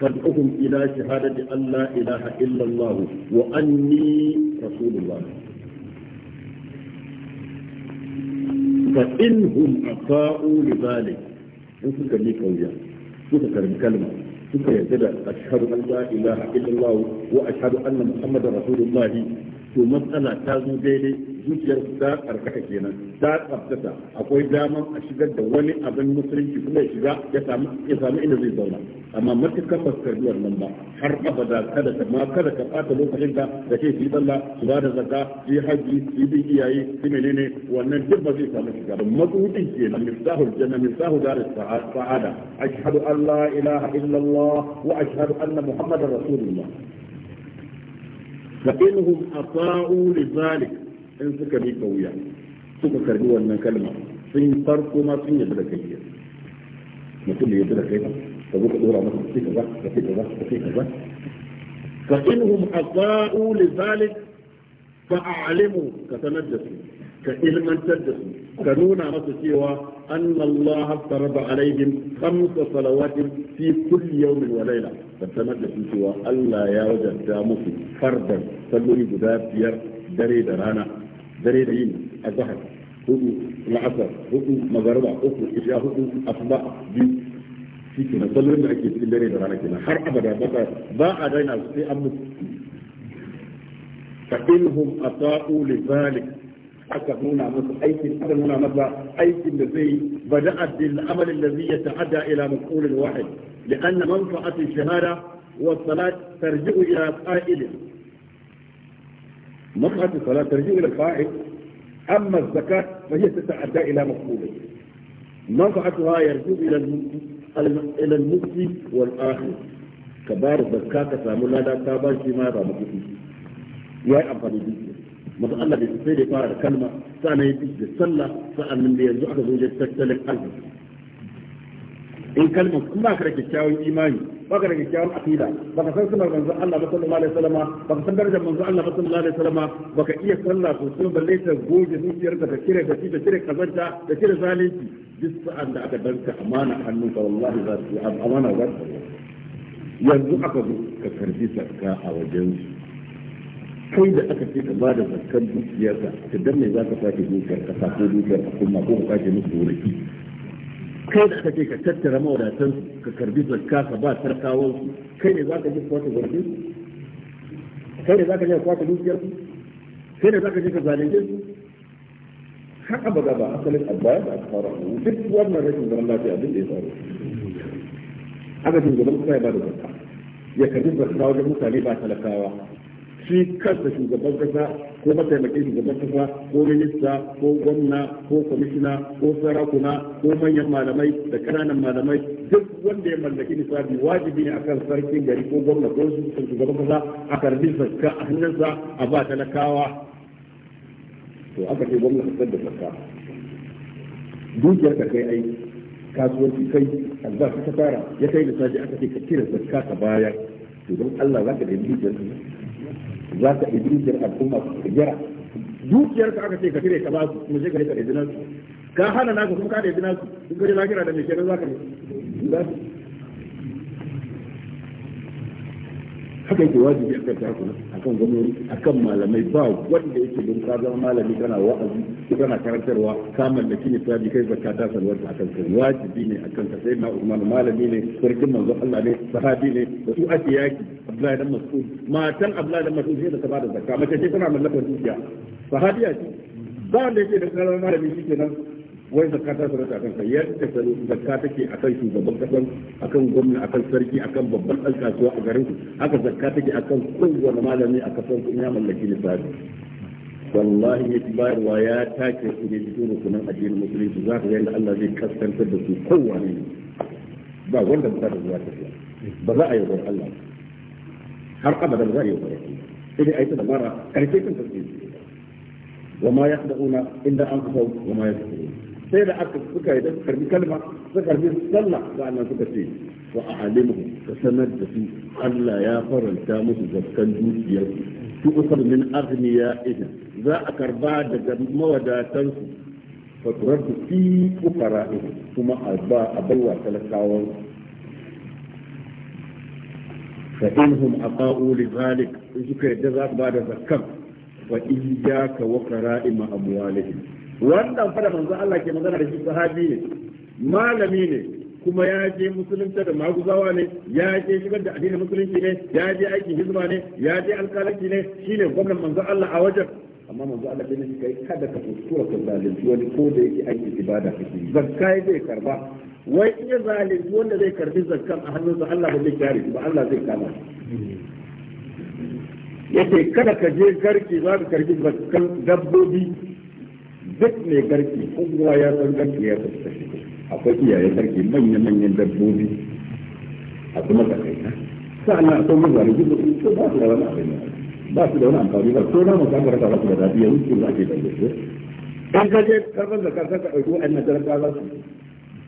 S1: fadduhum ila shahadati an la ilaha illallah wa anni rasulullah fa inhum aqa'u li zalik in suka bi kauya suka karbi kalma suka yarda da ashhadu an la ilaha illallah wa ashhadu anna muhammadar rasulullah to matsala ta zo daidai zuciyar ta karkata kenan ta tsaftata akwai daman a shigar da wani abin musulunci kuma ya shiga ya samu ya samu inda zai zauna amma matukar ba ka duwar nan ba har abada kada ka ma kada ka ɓata lokacin da da ke fi sallah su ba da zaka su yi haji su yi iyaye su menene wannan duk ba zai samu shiga ba matsudin kenan miftahul janna miftahu dar sa'ada ashhadu an la ilaha illallah wa ashhadu anna muhammadar rasulullah فإنهم أطاعوا لذلك in suka bi ka wuya suka karbi wannan kalma sun farko ma sun yadda da kai mutum da yadda da kai ka zo ka dora masa ka ka kaza ka ka kaza ka ce kaza fa innahum aqa'u li zalik fa a'limu ka sanar da su ka ilmantar da su ka nuna masa cewa farada أن الله افترض عليهم خمس صلوات في كل يوم وليلة su cewa Allah ya wajanta وجد fardan salloli guda biyar dare da rana دري العين الظهر العسل هدو مزارع أخر إشياء هدو أصداء دي فيكنا صلوين أكيد في دري دران أكيد حر أبدا بقى باقى دينا في أمس فإنهم أطاعوا لذلك أكبرونا مصر أي في أكبرونا مصر أي في الذي بدأت بالعمل الذي يتعدى إلى مسؤول واحد لأن منفعة الشهادة والصلاة ترجع إلى قائله مرأة الصلاة ترجع إلى الفائد أما الزكاة فهي تتعدى إلى مقبولية نصحتها يرجو إلى إلى المبتي والآخر كبار الزكاة كسامونا لا تابان شما رامكتين يا أبقى بيجي ماذا قال لك في فارق كلمة سأنا يبيجي صلى سأنا من بيجي أحد وجد تكتلك ألف in kalmar kun ba ka da kyakkyawan imani ba ka da kyakkyawan aqida ba ka san sunan manzon Allah ba sallallahu alaihi wasallam ba ka san darajar manzon Allah ba sallallahu alaihi wasallam ba ka iya sallah ko sun balle ta goge zuciyar ka ta kire ka ci ta kire kazanta ta kire zalunci duk sa'an da aka danka amana hannun ka wallahi za su amana za su yanzu aka zo ka karbi zakka a wajen kai da aka ce ka ba da zakkar dukiyarka ta dan za ka sake dukiyar ka sako dukiyar ka kuma ko ka kace musu wuraki kai da kake ka tattara mawadatan ka karbi zakka ka ba tarkawan su kai ne zaka ji kwata gurbi kai ne zaka ji kwata dukiyar su kai ne zaka ji ka zalunce su haka ba a asalin abbaya da aka fara duk wannan rashin zaman lafiya abin da ya faru aka tun kwaya kuma ya ba da zakka ya karbi zakka wajen mutane ba talakawa shi kansa shugaban kasa ko mataimakin shugaban kasa ko minista ko gwamna ko kwamishina ko sarakuna ko manyan malamai da kananan malamai duk wanda ya mallaki nisabi wajibi ne akan sarkin gari ko gwamna ko shugaban kasa a karbi zakka a hannunsa a ba talakawa to aka ce gwamna ka da zakka dukiyar ka kai aiki kasuwanci kai albashi ka tara ya kai nisabi aka ce ka cire zakka ka bayar to don Allah za ka da dukiyar ka za ka idrisar al'umma su jira dukiyar ka aka ce ka cire ka ba su mu je ka rika idinan su ka hana naka kuma ka da idinan su in ka je lahira da mai kenan za ka ne haka yake wajibi a kan taku a kan gwamnati a kan malamai ba wanda yake don ka zama malami kana wa'azi kana karantarwa ka mallaki ne sai kai zakka ta salwar a kan kai wajibi ne a kan ka sai na umman malami ne sarkin manzo Allah ne sahabi ne da su ake yaki Abdullahi dan Mas'ud matan Abdullahi dan Mas'ud sai da ta bada zakka mace ce tana mallakar dukiya sahabiya ce ba wanda yake da karamar malami shi kenan wai zakka ta sarauta akan sa yadda zakka take akan shugaban kasan akan gwamna akan sarki akan babban ɗan a garin ku haka zakka take akan kowane malami a kasan ku ya mallaki lissafi wallahi ne bayarwa ya take su ne cikin rukunan addinin musulunci za ka yadda Allah zai kaskantar da su kowane ba wanda ba ta zuwa tafiya ba za a yi wa Allah har abada ba za a yi wa Allah sai dai a yi ta dabara karshe kan tasiri wa ma ya haɗa'una inda an kusa wa ma ya haɗa'una sai da aka suka yi da karbi kalma suka karbi sallah da sa'annan suka ce wa alimu ka sanar da su Allah ya faranta musu zakkan dukiyar su ku usar min arniya idan za a karba daga mawadatan su fa turaddu fi fuqara kuma a ba a baiwa talakawan fa inhum aqa'u li zalik suka yadda za ba da zakkan wa iyyaka wa qara'i ma amwalihim wannan fara manzo Allah ke magana da shi sahabi ne malami ne kuma ya je musulunta da maguzawa ne ya je shigar da addinin musulunci ne ya je aikin hizma ne ya je alƙalanci ne shine gwamnan manzo Allah a wajen amma manzo Allah bai kai kada ka kuskura ka zalunci wani ko da yake aiki ibada kake zakka zai karba wai in ya zalunci wanda zai karbi zakkan a hannunsa Allah ba zai kare ba Allah zai kama yake kada ka je garki za ka karbi zakkan dabbobi duk mai garki kowa ya san garki ya fuska akwai iyaye garki manya-manyan dabbobi a kuma tsakaita sa'an nan akwai mazari duk da ba su da wani abin ba su da wani amfani ba ko na musamman rasa ba su da dadi ya wuce za ke da yake in ka je karfin da karfin ka ɗauki wa'annan jarka za su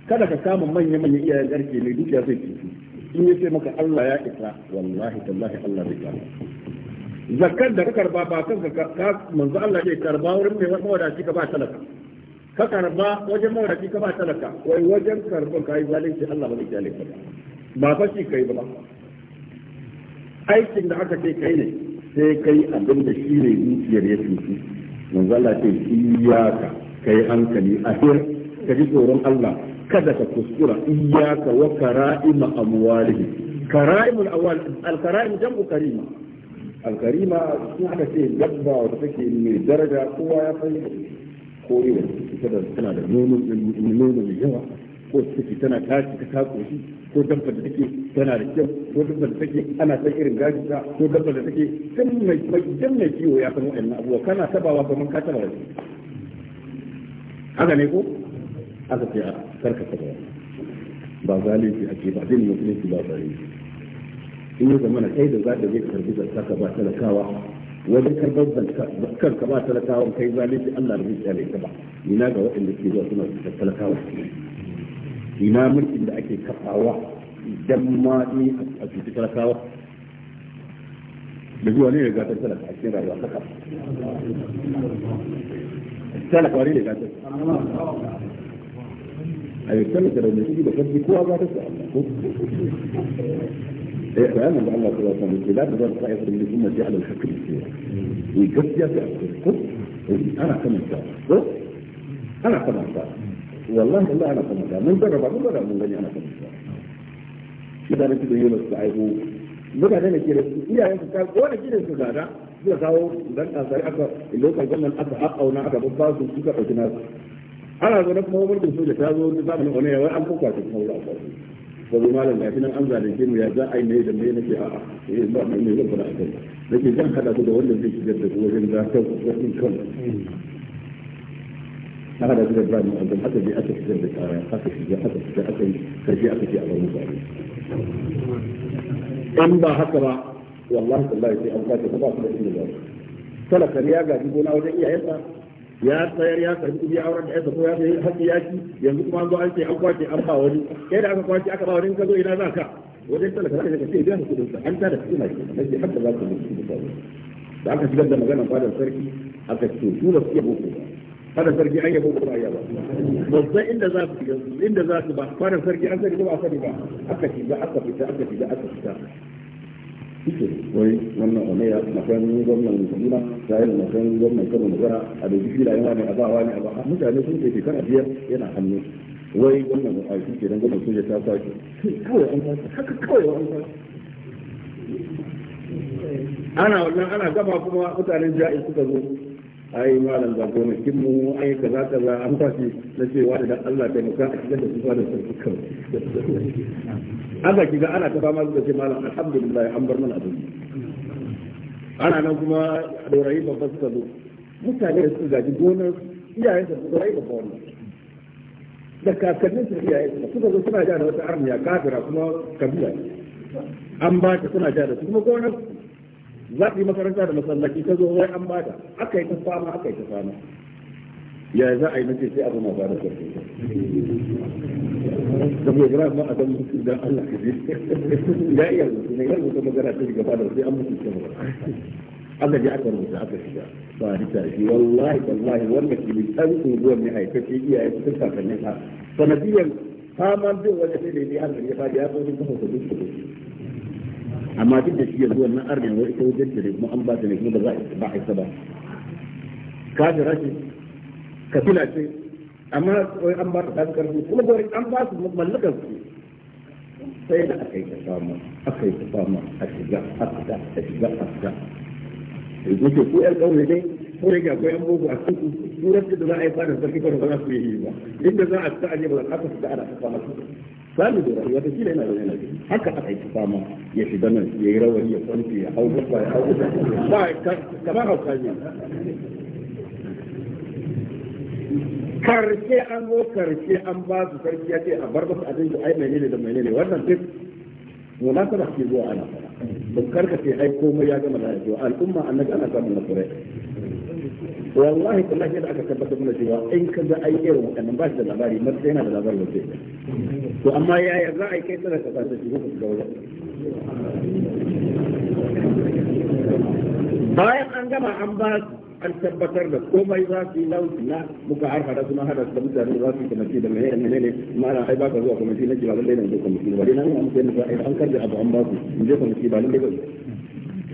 S1: kada ka samu manya-manyan iyayen garki ne dukiya zai ci in ya ce maka Allah ya isa wallahi tallahi Allah zai kama zakar da ka karba ba kan ka manzo Allah zai karba wurin mai wata wadaci ka ba talaka ka karba wajen mawadaci ka ba talaka wai wajen karban kai zalunci Allah ba zai kyale ka ba fa shi kai ba aikin da aka ce kai ne sai kai abin da shi ne zuciyar ya tuki manzo Allah ce iyaka kai hankali A ahir ka ji tsoron Allah kada ka kuskura iyaka wa kara'ima amwalihi kara'imul awal al kara'im jam'u karima alkarima sun aka ce dabba wata take mai daraja kowa ya san kore da ita da tana da nono nono mai yawa ko take tana tashi ta tako shi ko dabba da take tana da kyau ko dabba da take ana san irin gaji ta ko dabba da take kan mai dan mai kiwo ya san wannan abuwa kana tabawa kamar ka taba shi haka ne ko aka ce a karkata ba ba zalunci ake ba din mutunci ba zalunci in ya zama na kai da za ka je karbi zakka ka ba talakawa wajen karbar zakkar ka ba talakawa kai zalunci Allah da zai tsare ka ba ina ga waɗanda ke zuwa suna da talakawa ina mulkin da ake kafawa dan ma ni a cuci talakawa da zuwa ne ya gata talaka a cikin rayuwa haka talaka wani ne gata a yi talaka da mai shi da karfi kowa ba ta sa Allah فأنا بأن الله صلى الله عليه وسلم لا تزال طائفة من الأمة على الحق السير ويجب يأخذ أنا كمان أنا كمان والله والله أنا كمان من درب من درب من غني أنا كمان إذا أنا كده يونس تعيبه mutane ne ke da su iyayen su ka wani gidan su gada suka kawo dan kasari aka lokacin gwamnan aka haƙauna aka babba su suka ɗauki nasu ana zaune kuma wani ta zo ta zamanin wani yawai an kwakwace kuma a ba zo malam gafi nan an zalunce mu ya za a yi ne da me nake a'a eh ba mai ne zan fara a kai nake zan hada da wanda zai shigar da ku wajen wajen kan na hada da haka je aka shigar da aka yi karshe aka ce a bar mutane in ba haka ba wallahi tallahi sai an kwace ba da inda za ya gaji gona wajen iyayensa ya tsayar ya karbi kuɗi auren da ƴarsa ko ya sayi ya ci. yanzu kuma an zo an ce an kwace an ba wani kai da aka kwace aka ba wani ka zo ina za ka wajen talaka za ka ce biyan kudin sa an tada kuɗi na ke nake har da za ka mutu mutane da aka shigar da maganar fadar sarki aka ce su da su boko ba fadar sarki an yabo ba ya ba babban inda za su inda za su ba fadar sarki an sani ba a sani ba aka shiga aka fita aka shiga aka fita suke wai wannan onaya makarin gwamnan kaduna ta yi makarin gwamnan kano magana a da jifi da yana ne a bawa ne a ba mutane sun ke shekara biyar yana hannu wai gwamnan a shi ke nan gwamnan soja ta sake kawai an sake haka kawai an sake ana wannan ana gaba kuma mutanen ja'i suka zo ai malam ba gona kin mu ai kaza kaza an tashi na cewa da Allah ta muka a cikin da su ba da sarki kawai aka ga ana ta fama da ce malam alhamdulillah an bar mana abin ana nan kuma dorayi ba fasta zo mutane da ga gaji gonar iyayen da dorayi ba wannan da kakannin su iyayen su suka zo suna ja da wata armiya kafira kuma kabila an ba ta suna ja da su kuma gonar zaɓi makaranta da masallaci ta zo wai an ba ta aka yi ta fama aka yi ta fama ya za a yi mace sai abu na ba da karfi طب يا جماعه ما ادم مسلم ده الله كبير لا يا مسلم يا مسلم ده راجل جبار ده ام مسلم Allah ya aka rubuta aka shiga ba ni ta shi wallahi wallahi wannan kibi san unguwar ne aikace iyaye su ta kanin ha sanadiyar faman bin wanda sai da ya har ya fadi ya zo kuma su duk amma duk da shi yanzu wannan arnin wai ita wajen da kuma an ba ta ne kuma ba za a ba a ba ka da rashin kabila ce amma an ba su ɗan kuma gori an ba su mallakar su sai da aka yi ta fama aka yi ta fama a shiga a fita a shiga a fita da yake ko ƴan ƙauye dai ko rage akwai ƴan boko a cikin turar da za a yi fara sarki kawai ba za su yi ba inda za a fita a je ba za a fita ana ta fama sami da rayuwa ta kila yana da yana haka aka yi samu ya shiga nan ya yi rawani ya kwanci ya hau gaba ya hau gaba ba ka ba hauka ne karshe an zo karshe an ba su sarki ya ce a bar musu abin da ai menene da menene wannan duk munasaba ke zuwa ana fara karka karkace ai komai ya gama da cewa al'umma annabi ana samun nasara wallahi kullahi da aka tabbatar mana cewa in ka ga ai irin wannan ba shi da labari mar sai yana da labari wace to amma ya ya za a yi kai tsara ka tsara shi ko ka wajen bayan an gama an ba su an tabbatar da komai za su yi lauki na muka harfa da suna hada da mutane za su yi kamar da mai ne ne mara ai baka zuwa kamar na ba lallai na zo kamar ba dai na nuna musu yadda an karbe abu an ba su in je kamar ba lallai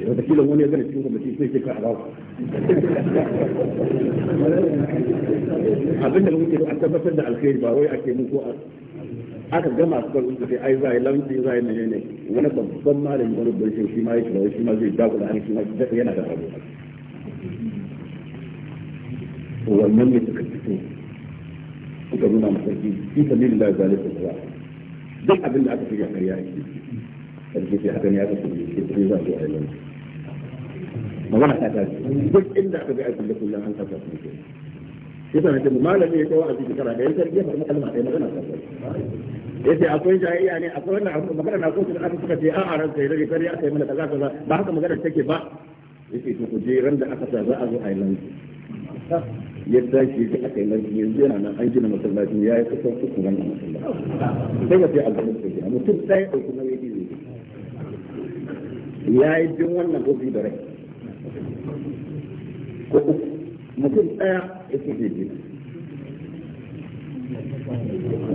S1: ba wata kila wani ya gane cikin shi sai ke ka abawa abinda muke a tabbatar da alkhairi ba wai ake mun ko a aka gama su kwarfin su sai ai zai lamfi zai ne ne wani babban malami wani bai shi ma ya shi ma zai dakula har shi ma yana da abu to wannan ne suka fito suka nuna masarki fi sabilin da zalika kuwa duk abin da aka shirya karya ake sarki sai hakan ya kasu ne sai za su zo a yi lantana magana ta tashi duk inda aka ga aiki da kullum an kasa su ne yasa na ce malami ya kawo a cikin kara da ya sarki ya faɗi kalma ɗaya magana ta tashi yace akwai jayayya ne akwai wannan abu magana na kotu da aka suka ce a'a ranka ya rage kariya aka yi mana kaza kaza ba haka magana take ba yace to ku ran da aka sa za a zo a yi nan ya tashi ya aka yi lantarki yanzu yana nan an gina masallacin ya yi kusan uku wannan
S2: masallacin
S1: sai ka sai alƙalin sai gina mutum ɗaya ɗauki na ne ya yi bin wannan da rai ko uku mutum ɗaya ya ce zai gina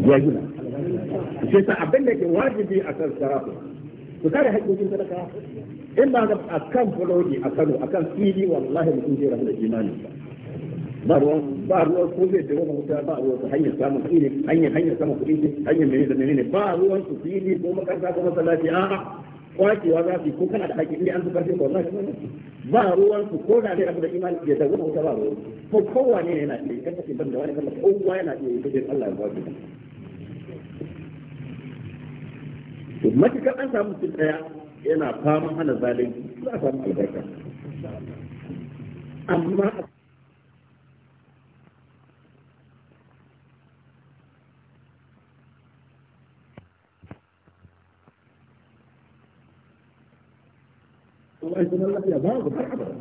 S1: ya gina shi abin da ke wajibi a kan sarafa su kare haƙƙoƙin sadaka in ba a kan fulodi a kano a kan fili wallahi mutum zai rahu da ba ba ruwan ba ruwan ko zai wuta ba ruwan hanyar samun kuɗi hanyar hanyar samun kuɗi ne hanyar ba ruwan su fili ko ko masallaci kwacewa za su ko kana da haƙƙi inda an zubar da wannan ba ruwan su ko da dai abu da imani wuta ba ruwan ko yana kan ban da wani kowa yana Allah ya ba shi to an samu daya yana fama hana zalunci za a samu albarka amma wai kuma lafiya ba ku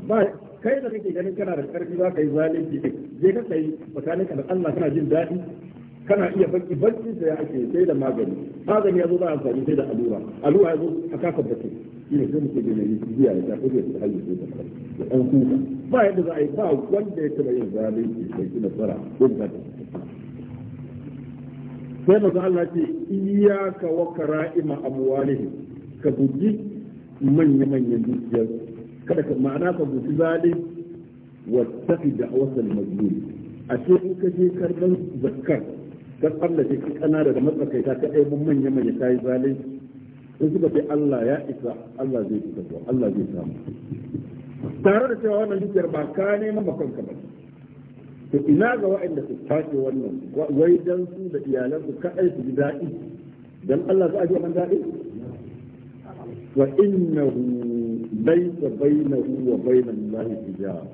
S1: ba kai da kake ganin kana da karfi za ka yi zalunci je ka kai tsakaninka da Allah kana jin daɗi kana iya baki baki sai ake sai da magani magani yazo ba amfani sai da allura allura ya zo a kafar da ke shi ne sai mutum ne yi biya da shafi da hanyar da ta da ɗan kuka ba yadda za a yi ba wanda ya taɓa yin zalunci sai shi nasara ko ba sai maza Allah ce iyaka wa kara'ima amwalihim ka guji manya-manyan dukiyar kada ka ma'ana ka guji zalim wa tafi da awasal mazlum a ce in ka je karban zakkar ka tsallake ka kana daga matsakaita ka ɗaya manya-manya ta yi zalim in suka ce Allah ya isa Allah zai isa to Allah zai samu tare da cewa wannan dukiyar ba ka neman ka ba to ina ga wa'anda su tace wannan wai dan su da iyalansu kaɗai su ji daɗi dan Allah za a ji wannan daɗi wa innahu laysa bainahu wa bain Allah hijab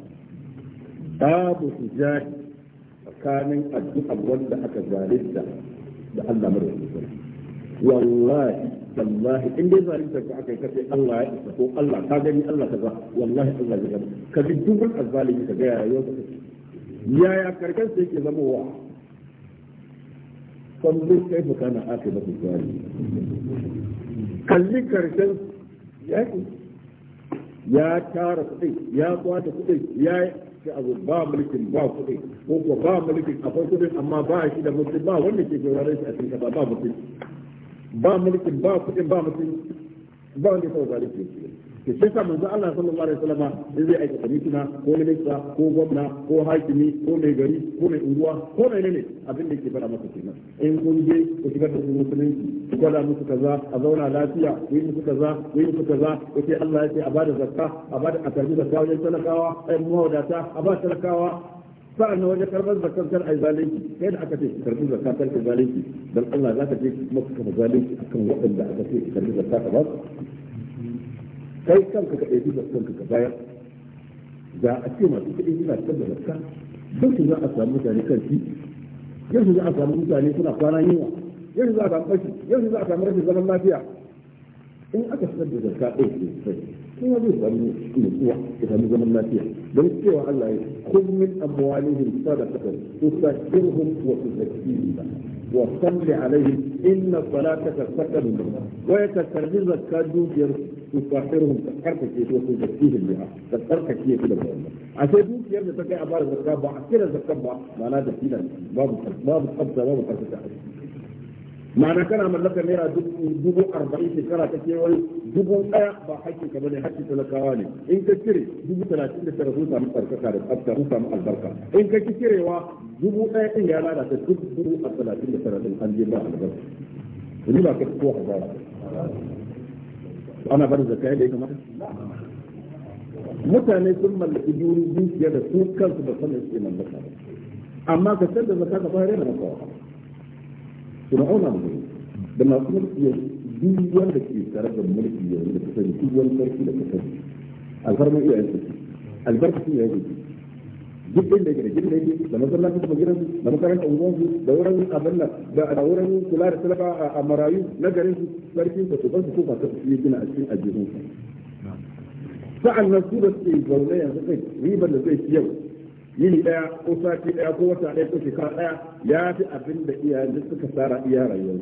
S1: babu hijab tsakanin addu'a wanda aka zalunta da Allah madaukakin sarki wallahi wallahi in dai zalunta ka aka kace Allah ya isa ko Allah ka gani Allah kaza wallahi Allah ya gani ka bi duk wani ka ga yayo ka yaya karkan sai ke zama wa fanzu kaifa kana akibatu zalimi kalli karshen yaƙi ya tara kuɗi ya kwata kuɗi ya ce abu ba mulkin ba kuɗi ko kuwa ba mulkin akwai kuɗin amma ba shi da mutum ba wanda ke ke saurare shi a cikin kasa ba mutum ba mulkin ba kuɗin ba mutum ba wanda ya saurare shi to sai sa manzo Allah sallallahu alaihi wasallam zai aika kamishina ko minista ko gwamna ko hakimi ko mai gari ko mai unguwa ko mai ne abin da yake fara masa kenan in kun je ku shigar da musulunci ku gwada musu kaza a zauna lafiya ku yi musu kaza ku yi musu kaza ku ce Allah ya ce a bada zakka a bada a karbi zakka wajen talakawa ai ta a ba talakawa sa'an na wajen karɓar zakar kar ai zalunci kai da aka ce karɓi zakar kar ai zalunci dan Allah za ka je kuma ka zalunci akan waɗanda aka ce karɓi zakar ka ba kai kanka ka ɗauki kanka ka bayar da a ce masu kuɗi suna fitar da zakka don su za a samu mutane kan ci yanzu za a samu mutane suna kwana yunwa yanzu za a samu fashi yanzu za a samu rashin zaman lafiya in aka fitar da zarka ɗaya ke sai kuma zai samu nutsuwa ya samu zaman lafiya don cewa Allah ya ko kullum amwalihim sadaqatan tusahhirhum yi ba. وصل عليهم إن صلاتك سكن ويتكرر زكاة دوكير تطهرهم تحرك كيف وتزكيهم بها تحرك كيف كده عشان دوكير اللي تكي عبارة زكاة بعد كده زكاة بعد معناها ده باب باب خمسة باب خمسة معنى كان من لك ميرا دبو أربعين سكرة تكيوي دبو أيا بحكي كمان حكي تلكواني إن كثير دبو ثلاثين سكرة روسا مصر كثير أكثر روسا مع البركة إن كثير وا دبو أيا إن لا تكون دبو ثلاثين سكرة الحمد لله على ذلك اللي ما كتبوا حضارة أنا برد زكاة ليه كمان mutane sun mallaki duniya da su kansu ba sanin su ne mallaka amma ka san da zakka ka fara da mallaka fir'auna ne da masu mulki duk wanda ke tare da mulki da kusa duk wani sarki da kusa alfarmar iyayen su duk yake da gidan da yake da gidan da makarantar unguwan su da wurin abin da wurin kula da talaba a marayu na garin su sarkin su su ta su gina a cikin ajihun sa'an nan su da suke zaune yanzu kai da zai fi yau yini daya ko sati daya ko wata daya ko shekara daya ya fi abin da iyayen duk suka tsara iya rayuwar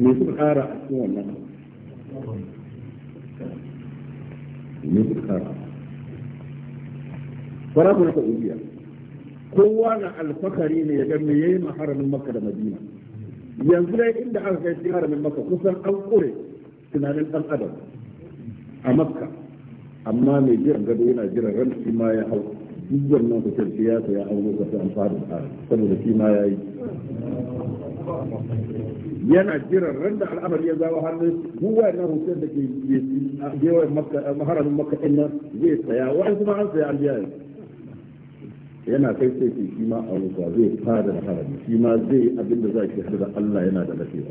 S1: me suka kara a cikin wannan me suka kara farafin sa'udiyya kowa na alfakari ne ya ga me yayi maharamin makka da madina yanzu dai inda aka kai cikin haramin makka kusan an kure tunanin dan adam a makka amma mai jiran gado yana jiran ran shi ma ya hau duk wannan hotel shi ya saya an gosa sai an fara da saboda shi ma ya yi yana jiran ran da al'amari ya zawo hannun kowa na hotel da ke gewayen maharamin makka ɗin nan zai saya wa'in kuma an saya an biya yana kai sai ke shi ma a wuta zai fara da harami shi ma zai abin da za ki haɗu da Allah yana da lafiya.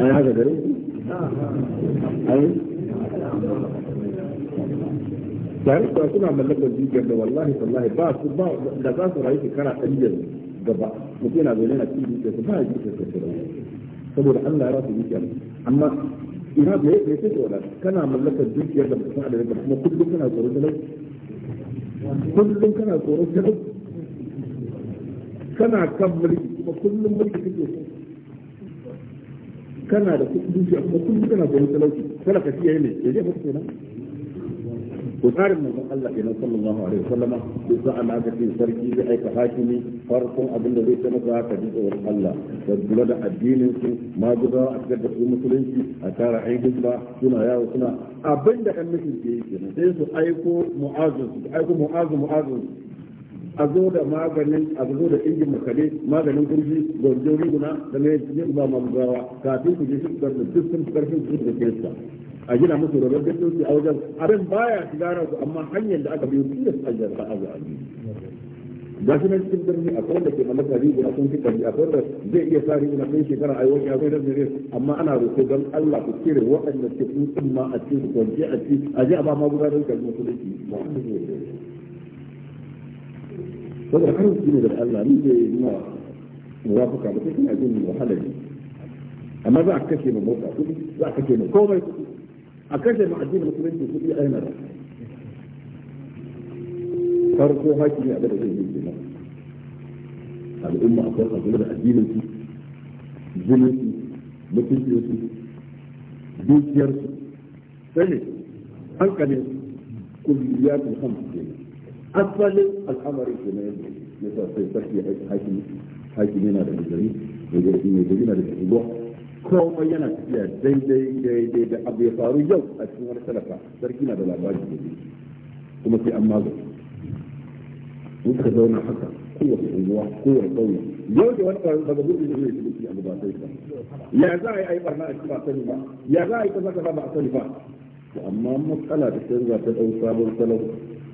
S1: أنا هذا دليل أي يعني كنا كنا عمل لك الدين جبنا والله فالله باس لباس رأيك كان قليل جبا مكينا بيننا كي بيك يسبا يجيك يسبا فبور أن لا يراس بيك يعني أما إرادة هيك ليس تولا كنا عمل لك الدين جبنا بسعى لك ما كل كنا يصور جلو كل كنا يصور جلو كنا كبري وكل ملك كتير kana da kuɗi dukiya kuma kullum kana da talauci kana ka fiye ne ya je maka kenan ko tsarin manzon Allah kenan sallallahu alaihi wasallama ko sa Allah ka ce sarki zai aika hakimi farkon abin da zai ta masa ka ji tsoron Allah da kula da addinin su ma guda a cikin da su musulunci a tara ainihin ba suna yawo suna abin da kan mutum ke yi kenan sai su aiko mu'azin su aiko mu'azin mu'azin a zo da maganin a zo da injin makale maganin kurji gwarjo riguna da mai yin ba mabugawa kafin ku je shi karfin duk karfin su da kirista a gina musu da rabin a wajen abin baya shiga su amma hanyar da aka biyo tilas a jarfa a zuwa ga shi nan cikin birni akwai wanda ke mallaka riguna sun fi karfi akwai zai iya sa riguna sun shekara a yau akwai da zai amma ana roƙo don Allah ku cire waɗanda ke tsuntsun ma a cikin kwanci a ci a je a ba magudanar karfin su saboda kan su ne da Allah ni da ina muwafuka ba sai ina jin wahala ne amma za a kashe mu mota kudi za a kashe mu komai kudi a kashe mu addinin musulunci kudi a yana farko haƙi ne a da zai yi kenan al'umma akwai abu da addinin su jinin su mutuncin su dukiyar su sai ne hankalin kulliyatul hamsu kenan asalin al'amari ke na yadda ya sa sai sarki ya hakimi hakimi yana da nazari mai gari na da unguwa komai yana tafiya daidai daidai da abu ya faru yau a cikin wani talaka sarki na da labari da kuma sai an magana in ka zauna haka kowace unguwa kowace ƙauye yau da wani ƙarfi daga gudun da zai shiga a ba sai ba ya za a yi barna a cikin sani ba ya za a yi kaza kaza ba a sani ba amma matsala da canza ta ɗau sabon salon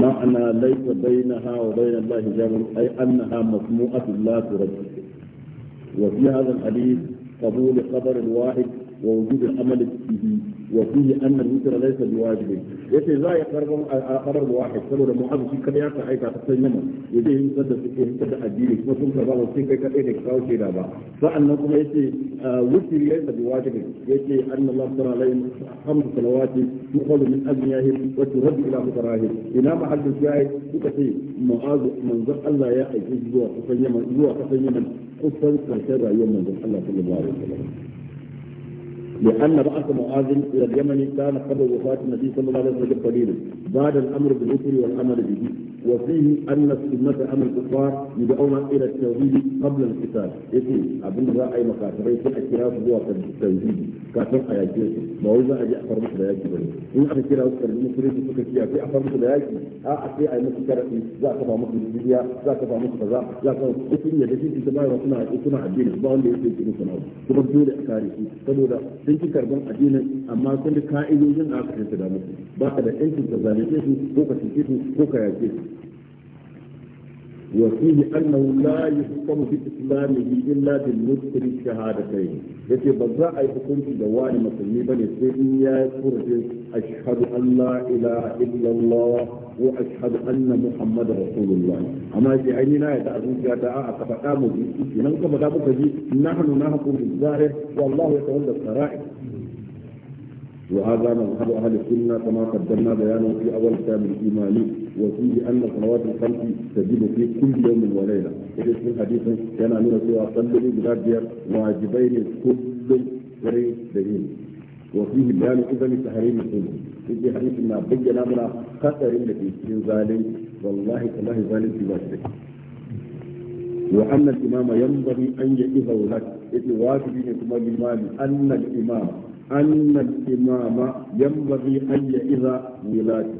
S1: معناه ليس بينها وبين الله حجاب أي أنها مسموعة لا ترد وفي هذا الحديث قبول خبر الواحد ووجود العمل به وفيه أن الوتر ليس بواجب يتي لا يقرب قرر واحد سبب معاذ في كبيرة حيث تسلم يتي يمتد في يمتد الدين كما كنت بعض السيكة كأيدك كاو شيدا با فأنكم يتي آه، وتر ليس بواجب يتي أن الله ترى عليهم خمس صلوات تقبل من أبنيائهم وترد إلى فقراهم إلى محل الشاهد يتي معاذ منظر الله يا أيدي زوا قصيما زوا قصيما قصيما قصيما يوم منظر الله صلى الله عليه وسلم لأن رأس معاذ إلى اليمن كان قبل وفاة النبي صلى الله عليه وسلم قليلا بعد الأمر بالذكر والعمل به وفيه أن السنة أمر الكفار يدعون إلى التوحيد قبل القتال يقول أبن رأي مكاتبين في الكراف هو التوحيد كافر أياكي ما هو إذا أجي أفر مصر أياكي بني إن أخي كراف المصري في سكة آه، في أفر مصر أياكي أعطي أي مصر كرافي لا تبع مصر الجزية لا تبع مصر كذا لا تبع مصر يجب أن تبع رسنا عدين ما هو اللي يجب أن تبع رسنا عدين sun ki karban addinin amma sun da ka'idojin da aka su musu ba ka da yancin ka zalunce su ko ka cuce su ko ka yake su وفيه أنه لا يحكم في إسلامه إلا بالنصر الشهادتين يتي بزاء أي حكم في دوان مسلمي بني سيدنيا أشهد أن لا إله إلا الله وأشهد أن محمد رسول الله أما في عيننا يتعرض جادعاء فقاموا بإسلام كما دابوا نحن نحكم بالظاهر والله يتولى السرائر وهذا مذهب أهل السنة كما قدمنا بيانه في أول كتاب الإيمان وفيه أن الصلوات الخمس تجب في كل يوم وليلة إذا في الحديث كان أمير سوى صلي بغدير واجبين كل شيء وفيه بيان إذن تحريم السنة في حديث ما بين أمر خطر الذي في ذلك والله تالله ذلك في ذلك وأن الإمام ينبغي أن يئذه لك إذ واجب كما أن الإمام أن الإمام ينبغي أن يئذ ولاده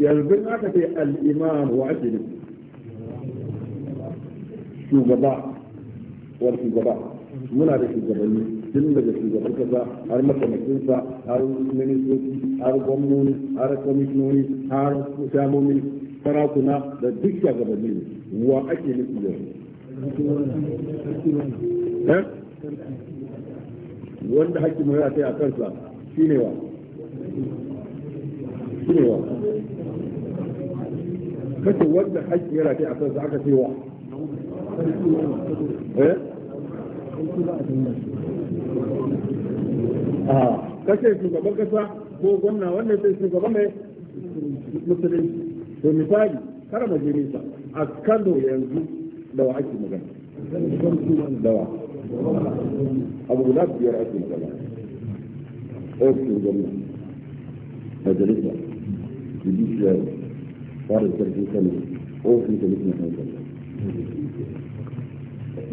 S1: يلبن أكثر الإمام هو وعجل شو غباء ورشو غباء من هذا شو غباء كل ما جسم غباء كذا أرمى كمكين سا أرو منيسوس أرو بومون أرو كوميسون أرو شامون تراثنا ده دكتور غباء مين وعجل مين ها wanda haƙƙi mu ya kai a kansa shine wa
S2: shine wa kace
S1: wanda hakki ya kai a kansa aka ce wa eh a kace shugaban kasa ko gwamna wanda sai shugaban ne musulunci to misali kar majalisa a kano yanzu da wa ake magana wa أبو غلاب يا رأيك الكلام أوكي جميع هذا لسه يجيش يا فارس تركي سنة أوكي تلسنا هذا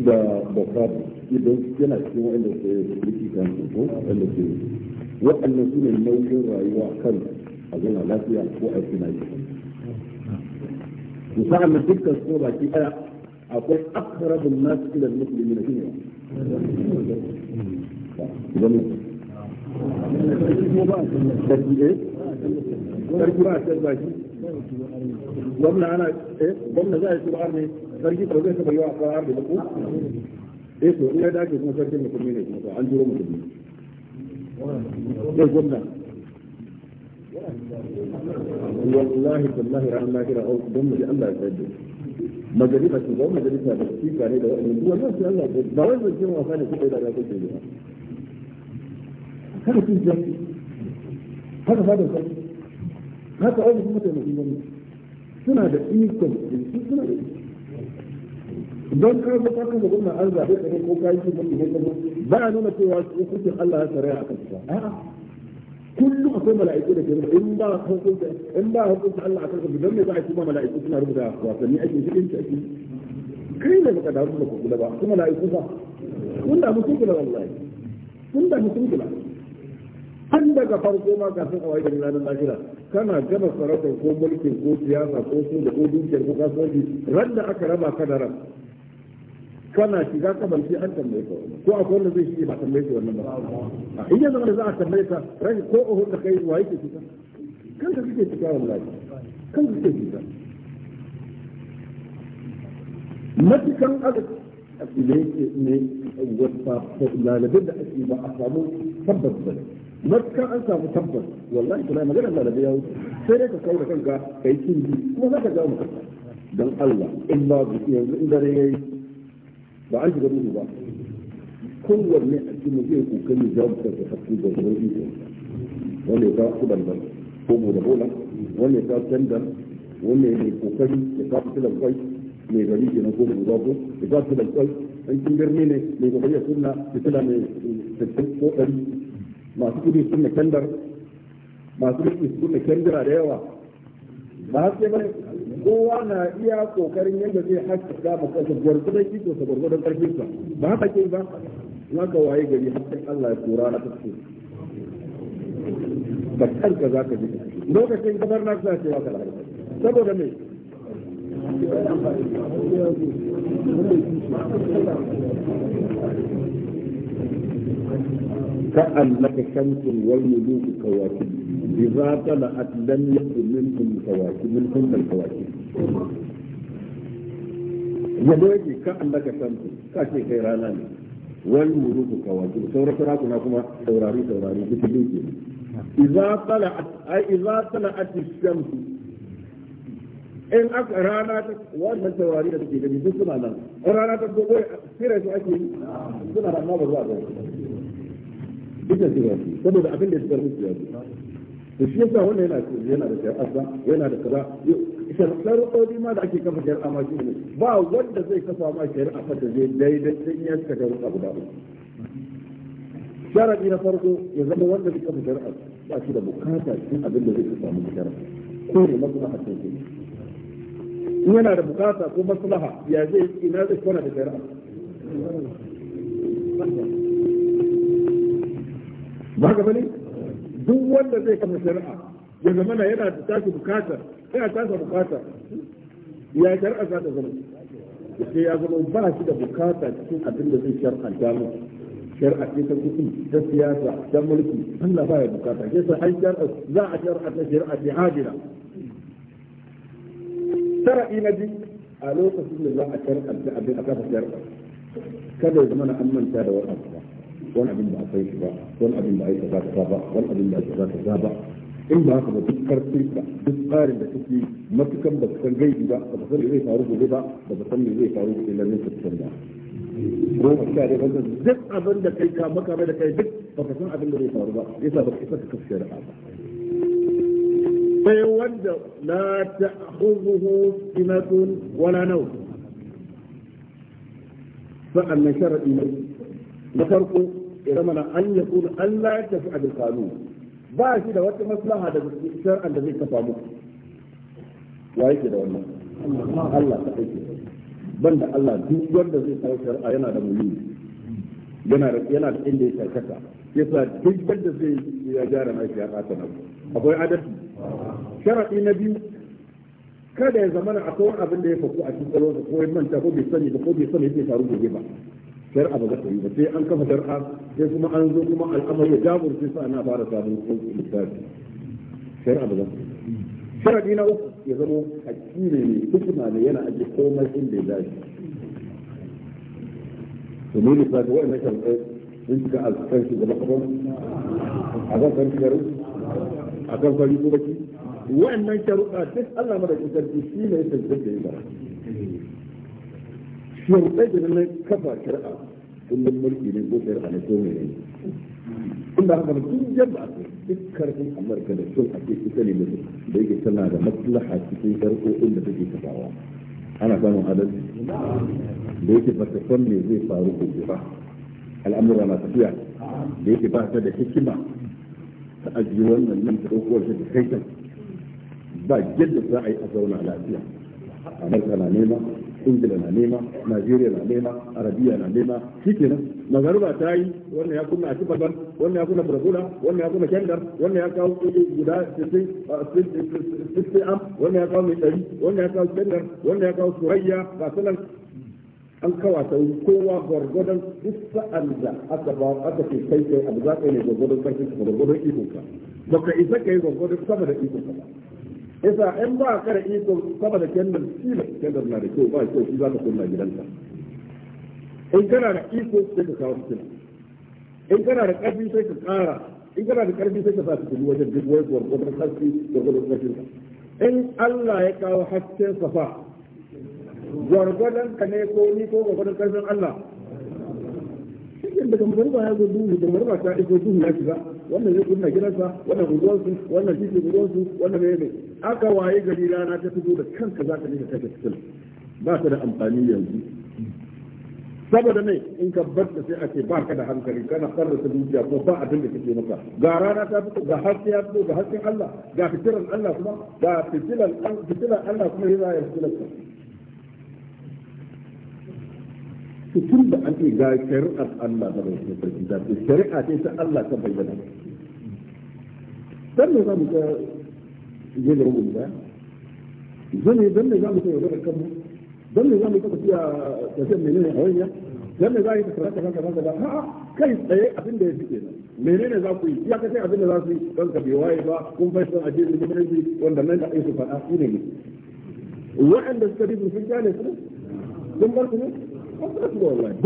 S1: ده بقاب إذا كان أسمع إلا في بيتي كان أقول إلا في وأن نسون الموت رأي وعقل أقول لا في ألقوا أسنا يحب وصعب من تلك الصورة كي أقول أقرب الناس إلى المسلمين هنا جميل والله بالله رحمه الله كده او ضمن الله يسجل majalisa su zama majalisa da su kare da waɗannan duk wannan su Allah ba wai zan wasa ne su da ga kuke ba kada su ji haka fada sai haka wani kuma ta mutum ne suna da ikon suna da don ka zo ka kan gwamnati an zabe ka ne ko kai shi ne ba nuna cewa hukuncin Allah ya tsare a kanka kullum akwai mala'iku da ke rubuta in ba hukunta in ba hukunta Allah akan ka don me za a yi kuma mala'iku suna rubuta wasanni ake cikin ta ake kai ne baka da ku kula ba kuma mala'iku ba kun da mutum kula wallahi kun da mutum kula an daga farko ma kafin a waye da ranar lahira kana gama sarautar ko mulkin ko siyasa ko su da ko dukiyar ko kasuwanci ran da aka raba ka da ran kana shi za ka sai an tambaye ka wani ko akwai wanda zai shi ba tambaye ka wannan ba a ah, in yanzu da za a tambaye ka rashin ko oho da kai wa yake shiga kanka kake shiga wallahi kanka kake cuta matukan arziki da ke ne wata lalabin da ake ba a samu tabbas ba ne matukan an samu tabbas wallahi kuna magana lalabin ya wuce sai dai ka kai da kanka kai kin kuma za ka ga mutum dan Allah in ba yanzu in dare yayi ba an shiga duhu ba kowanne a cikin zai kokari za mu kanta hakki da zai iko wanda ya kawo kudan ko bola bola wanda ya kawo tanda wanda ya kokari ya kawo kudan kwai mai gari ke na goma guda ya kawo kudan kwai an kin birni ne mai kokari ya sunna ya tana mai tattalin kokari masu kudi sunna tandar masu kudi sunna kendira da yawa ba haske ba kowa na iya kokarin yadda zai haska da makasa gwargwadon iko sa gwargwadon karfin sa ba haka ke ba za ka waye gari hakkin Allah ya kora na kasu ba kanka za ka ji lokacin gabar na sa ce maka saboda me كأنك شمس والملوك كواكب إذا طلعت يكن منكم الكواكب منكم الكواكب yadda yake ka Allah ka san ka ce kai rana ne wal muruku ka wajibu sauran sarakuna kuma saurari saurari duk duk ke idza tala'at ay idza tala'at ash-shams in aka rana ta wannan saurari da take gani duk suna nan rana ta gobe sira su ake yi suna nan ba za a duka sira su saboda abin da suka rubuta to shi yasa wannan yana yana da shari'a yana da kaza sharɗar ma da ake kafa shari'a ma shi ne ba wanda zai kafa ma shari'a fata zai daidai sai ya cika shari'a guda uku sharaɗi na farko ya zama wanda zai kafa shari'a ba shi da bukata shi abin da zai kafa muku shari'a ko ne maslaha ta ce in yana da bukata ko maslaha ya zai ina zai kwana da shari'a ba ka bane duk wanda zai kafa shari'a ya zama yana da tashi bukatar ina tasa bukata ya shar'a za ta zama sai ya zama ba shi da bukata cikin abin da zai shar'anta mu shar'a ce ta kuɗi ta siyasa ta mulki Allah ba ya bukata sai sai an shar'a za a shar'a ta shar'a ta hajira shar'i na bi a lokacin da za a shar'a abin a kafa shar'a kada ya zama na an manta da wani abu ba wani abin da a kai shi ba wani abin da a yi kaza kaza ba wani abin da a yi kaza kaza ba in ba haka ba duk karfi ka duk tsarin da kake matukan ba san gaibi ba ba san zai faru gobe ba ba san me zai faru sai lalle ka san ba ko ka kare wannan duk abin da kai ka maka da kai duk ba ka san abin da zai faru ba yasa ba ka saka kafshe da ba sai wanda la ta'khudhuhu sinatun wala nawm sa'an sharadi na farko ya zama an yakun an la tafi'a bil qanun ba shi da wata maslaha da shar'an da zai kafa muku wa yake da wannan Allah ta yake banda Allah duk wanda zai kawo shar'a yana da mulki yana da yana da inda ya karkata yasa duk wanda zai ya gyara shi ya kata na akwai adabi sharadi na biyu kada ya zama akwai abin da ya faku a cikin tsaro ko ya manta ko bai sani ba ko bai sani yake faru gobe ba shari'a ba za ta yi ba sai an kafa shari'a sai kuma an zo kuma al'amari ya jagorce sa ana fara sabon lissafi shari'a ba za ta yi sharadi na uku ya zama hakimi ne hukuma ne yana aje komai inda ya dace to ne lissafi wa'annan shari'a sun shiga a kan shugaba kafan a kan kan shigaru a kan fari ko baki wa'annan shari'a duk Allah madaukakin sarki shi ne ya tantance da ya yau ɗai da nan kafa shari'a kullum mulki ne ko shari'a ne ko mai ne inda haka ne sun jaba duk karfin amurka da sun ake ita ne mutum da yake tana da maslaha cikin karkokin da take kafawa ana samun adal da yake ba ta san me zai faru gobe ba al'amura na tafiya da yake ba ta da hikima ta ajiye wannan nan ta ɗauko da kai ba yadda za a yi a zauna lafiya a nan kana nema ingila na nema najeriya na nema arabiya na nema shi kenan magaruba ta yi wannan ya kunna akifaban wannan ya kunna farfula wannan ya kunna kyandar wannan ya kawo guda sittin am wannan ya kawo mai ɗari wannan ya kawo kyandar wannan ya kawo surayya ga sanan an kawata kowa gwargwadon duk sa'an da aka ba aka ce kai kai abu za ka yi ne gwargwadon sarki gwargwadon ikonka baka isa ka yi gwargwadon sama da ikonka ba yasa in ba ka da iko saboda kendir sila kendir na da kyau ba kyau shi za ka kunna gidanka in kana da iko sai ka kawo fitina in kana da ƙarfi sai ka ƙara in kana da ƙarfi sai ka sa fitilu wajen duk wani gwargwadon ƙarfi gwargwadon ƙarfin ka in Allah ya kawo hasken safa gwargwadon ka ne ko ni ko gwargwadon ƙarfin Allah shi daga ba ya zo duhu da magarba ta iko duhu ya shiga wannan zai kunna gidansa wannan unguwarsu wannan titi unguwarsu wannan ne mai aka waye gari rana ta fito da kanka za ka nika ka cikin ba ta da amfani yanzu saboda ne in ka bar sai a ce ba ka da hankali kana ta dukiya ko ba abin da kake maka ga rana ta fito ga haske ya fito ga hasken Allah ga fitilan Allah kuma ga fitilan Allah kuma yana yin fitilan su tun da an ga shari'ar Allah da rashin sarki da su shari'a ce ta Allah ta bayyana dan ne za mu ga yin rubu da zane dan ne za mu ga yaudar kanmu dan ne za mu ga tafiya san menene a wanya dan ne za yi tafiya ta kaza kaza ha kai tsaye abin da yake fi kenan menene za ku yi ya kace abin da za su yi don ka bi waye ba kun fa san a da gwamnati wanda nan da ai su faɗa su ne wa'anda waɗanda suka bi sun gane su ne sun bar su ne ba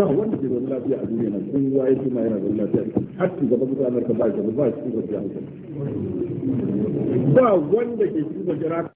S1: wanda ke zaune lafiya a duniya nan kowa ya ma yana zaune lafiya har su gaba mutane ka ba shi ba shi ba wanda ke
S2: shi ba jira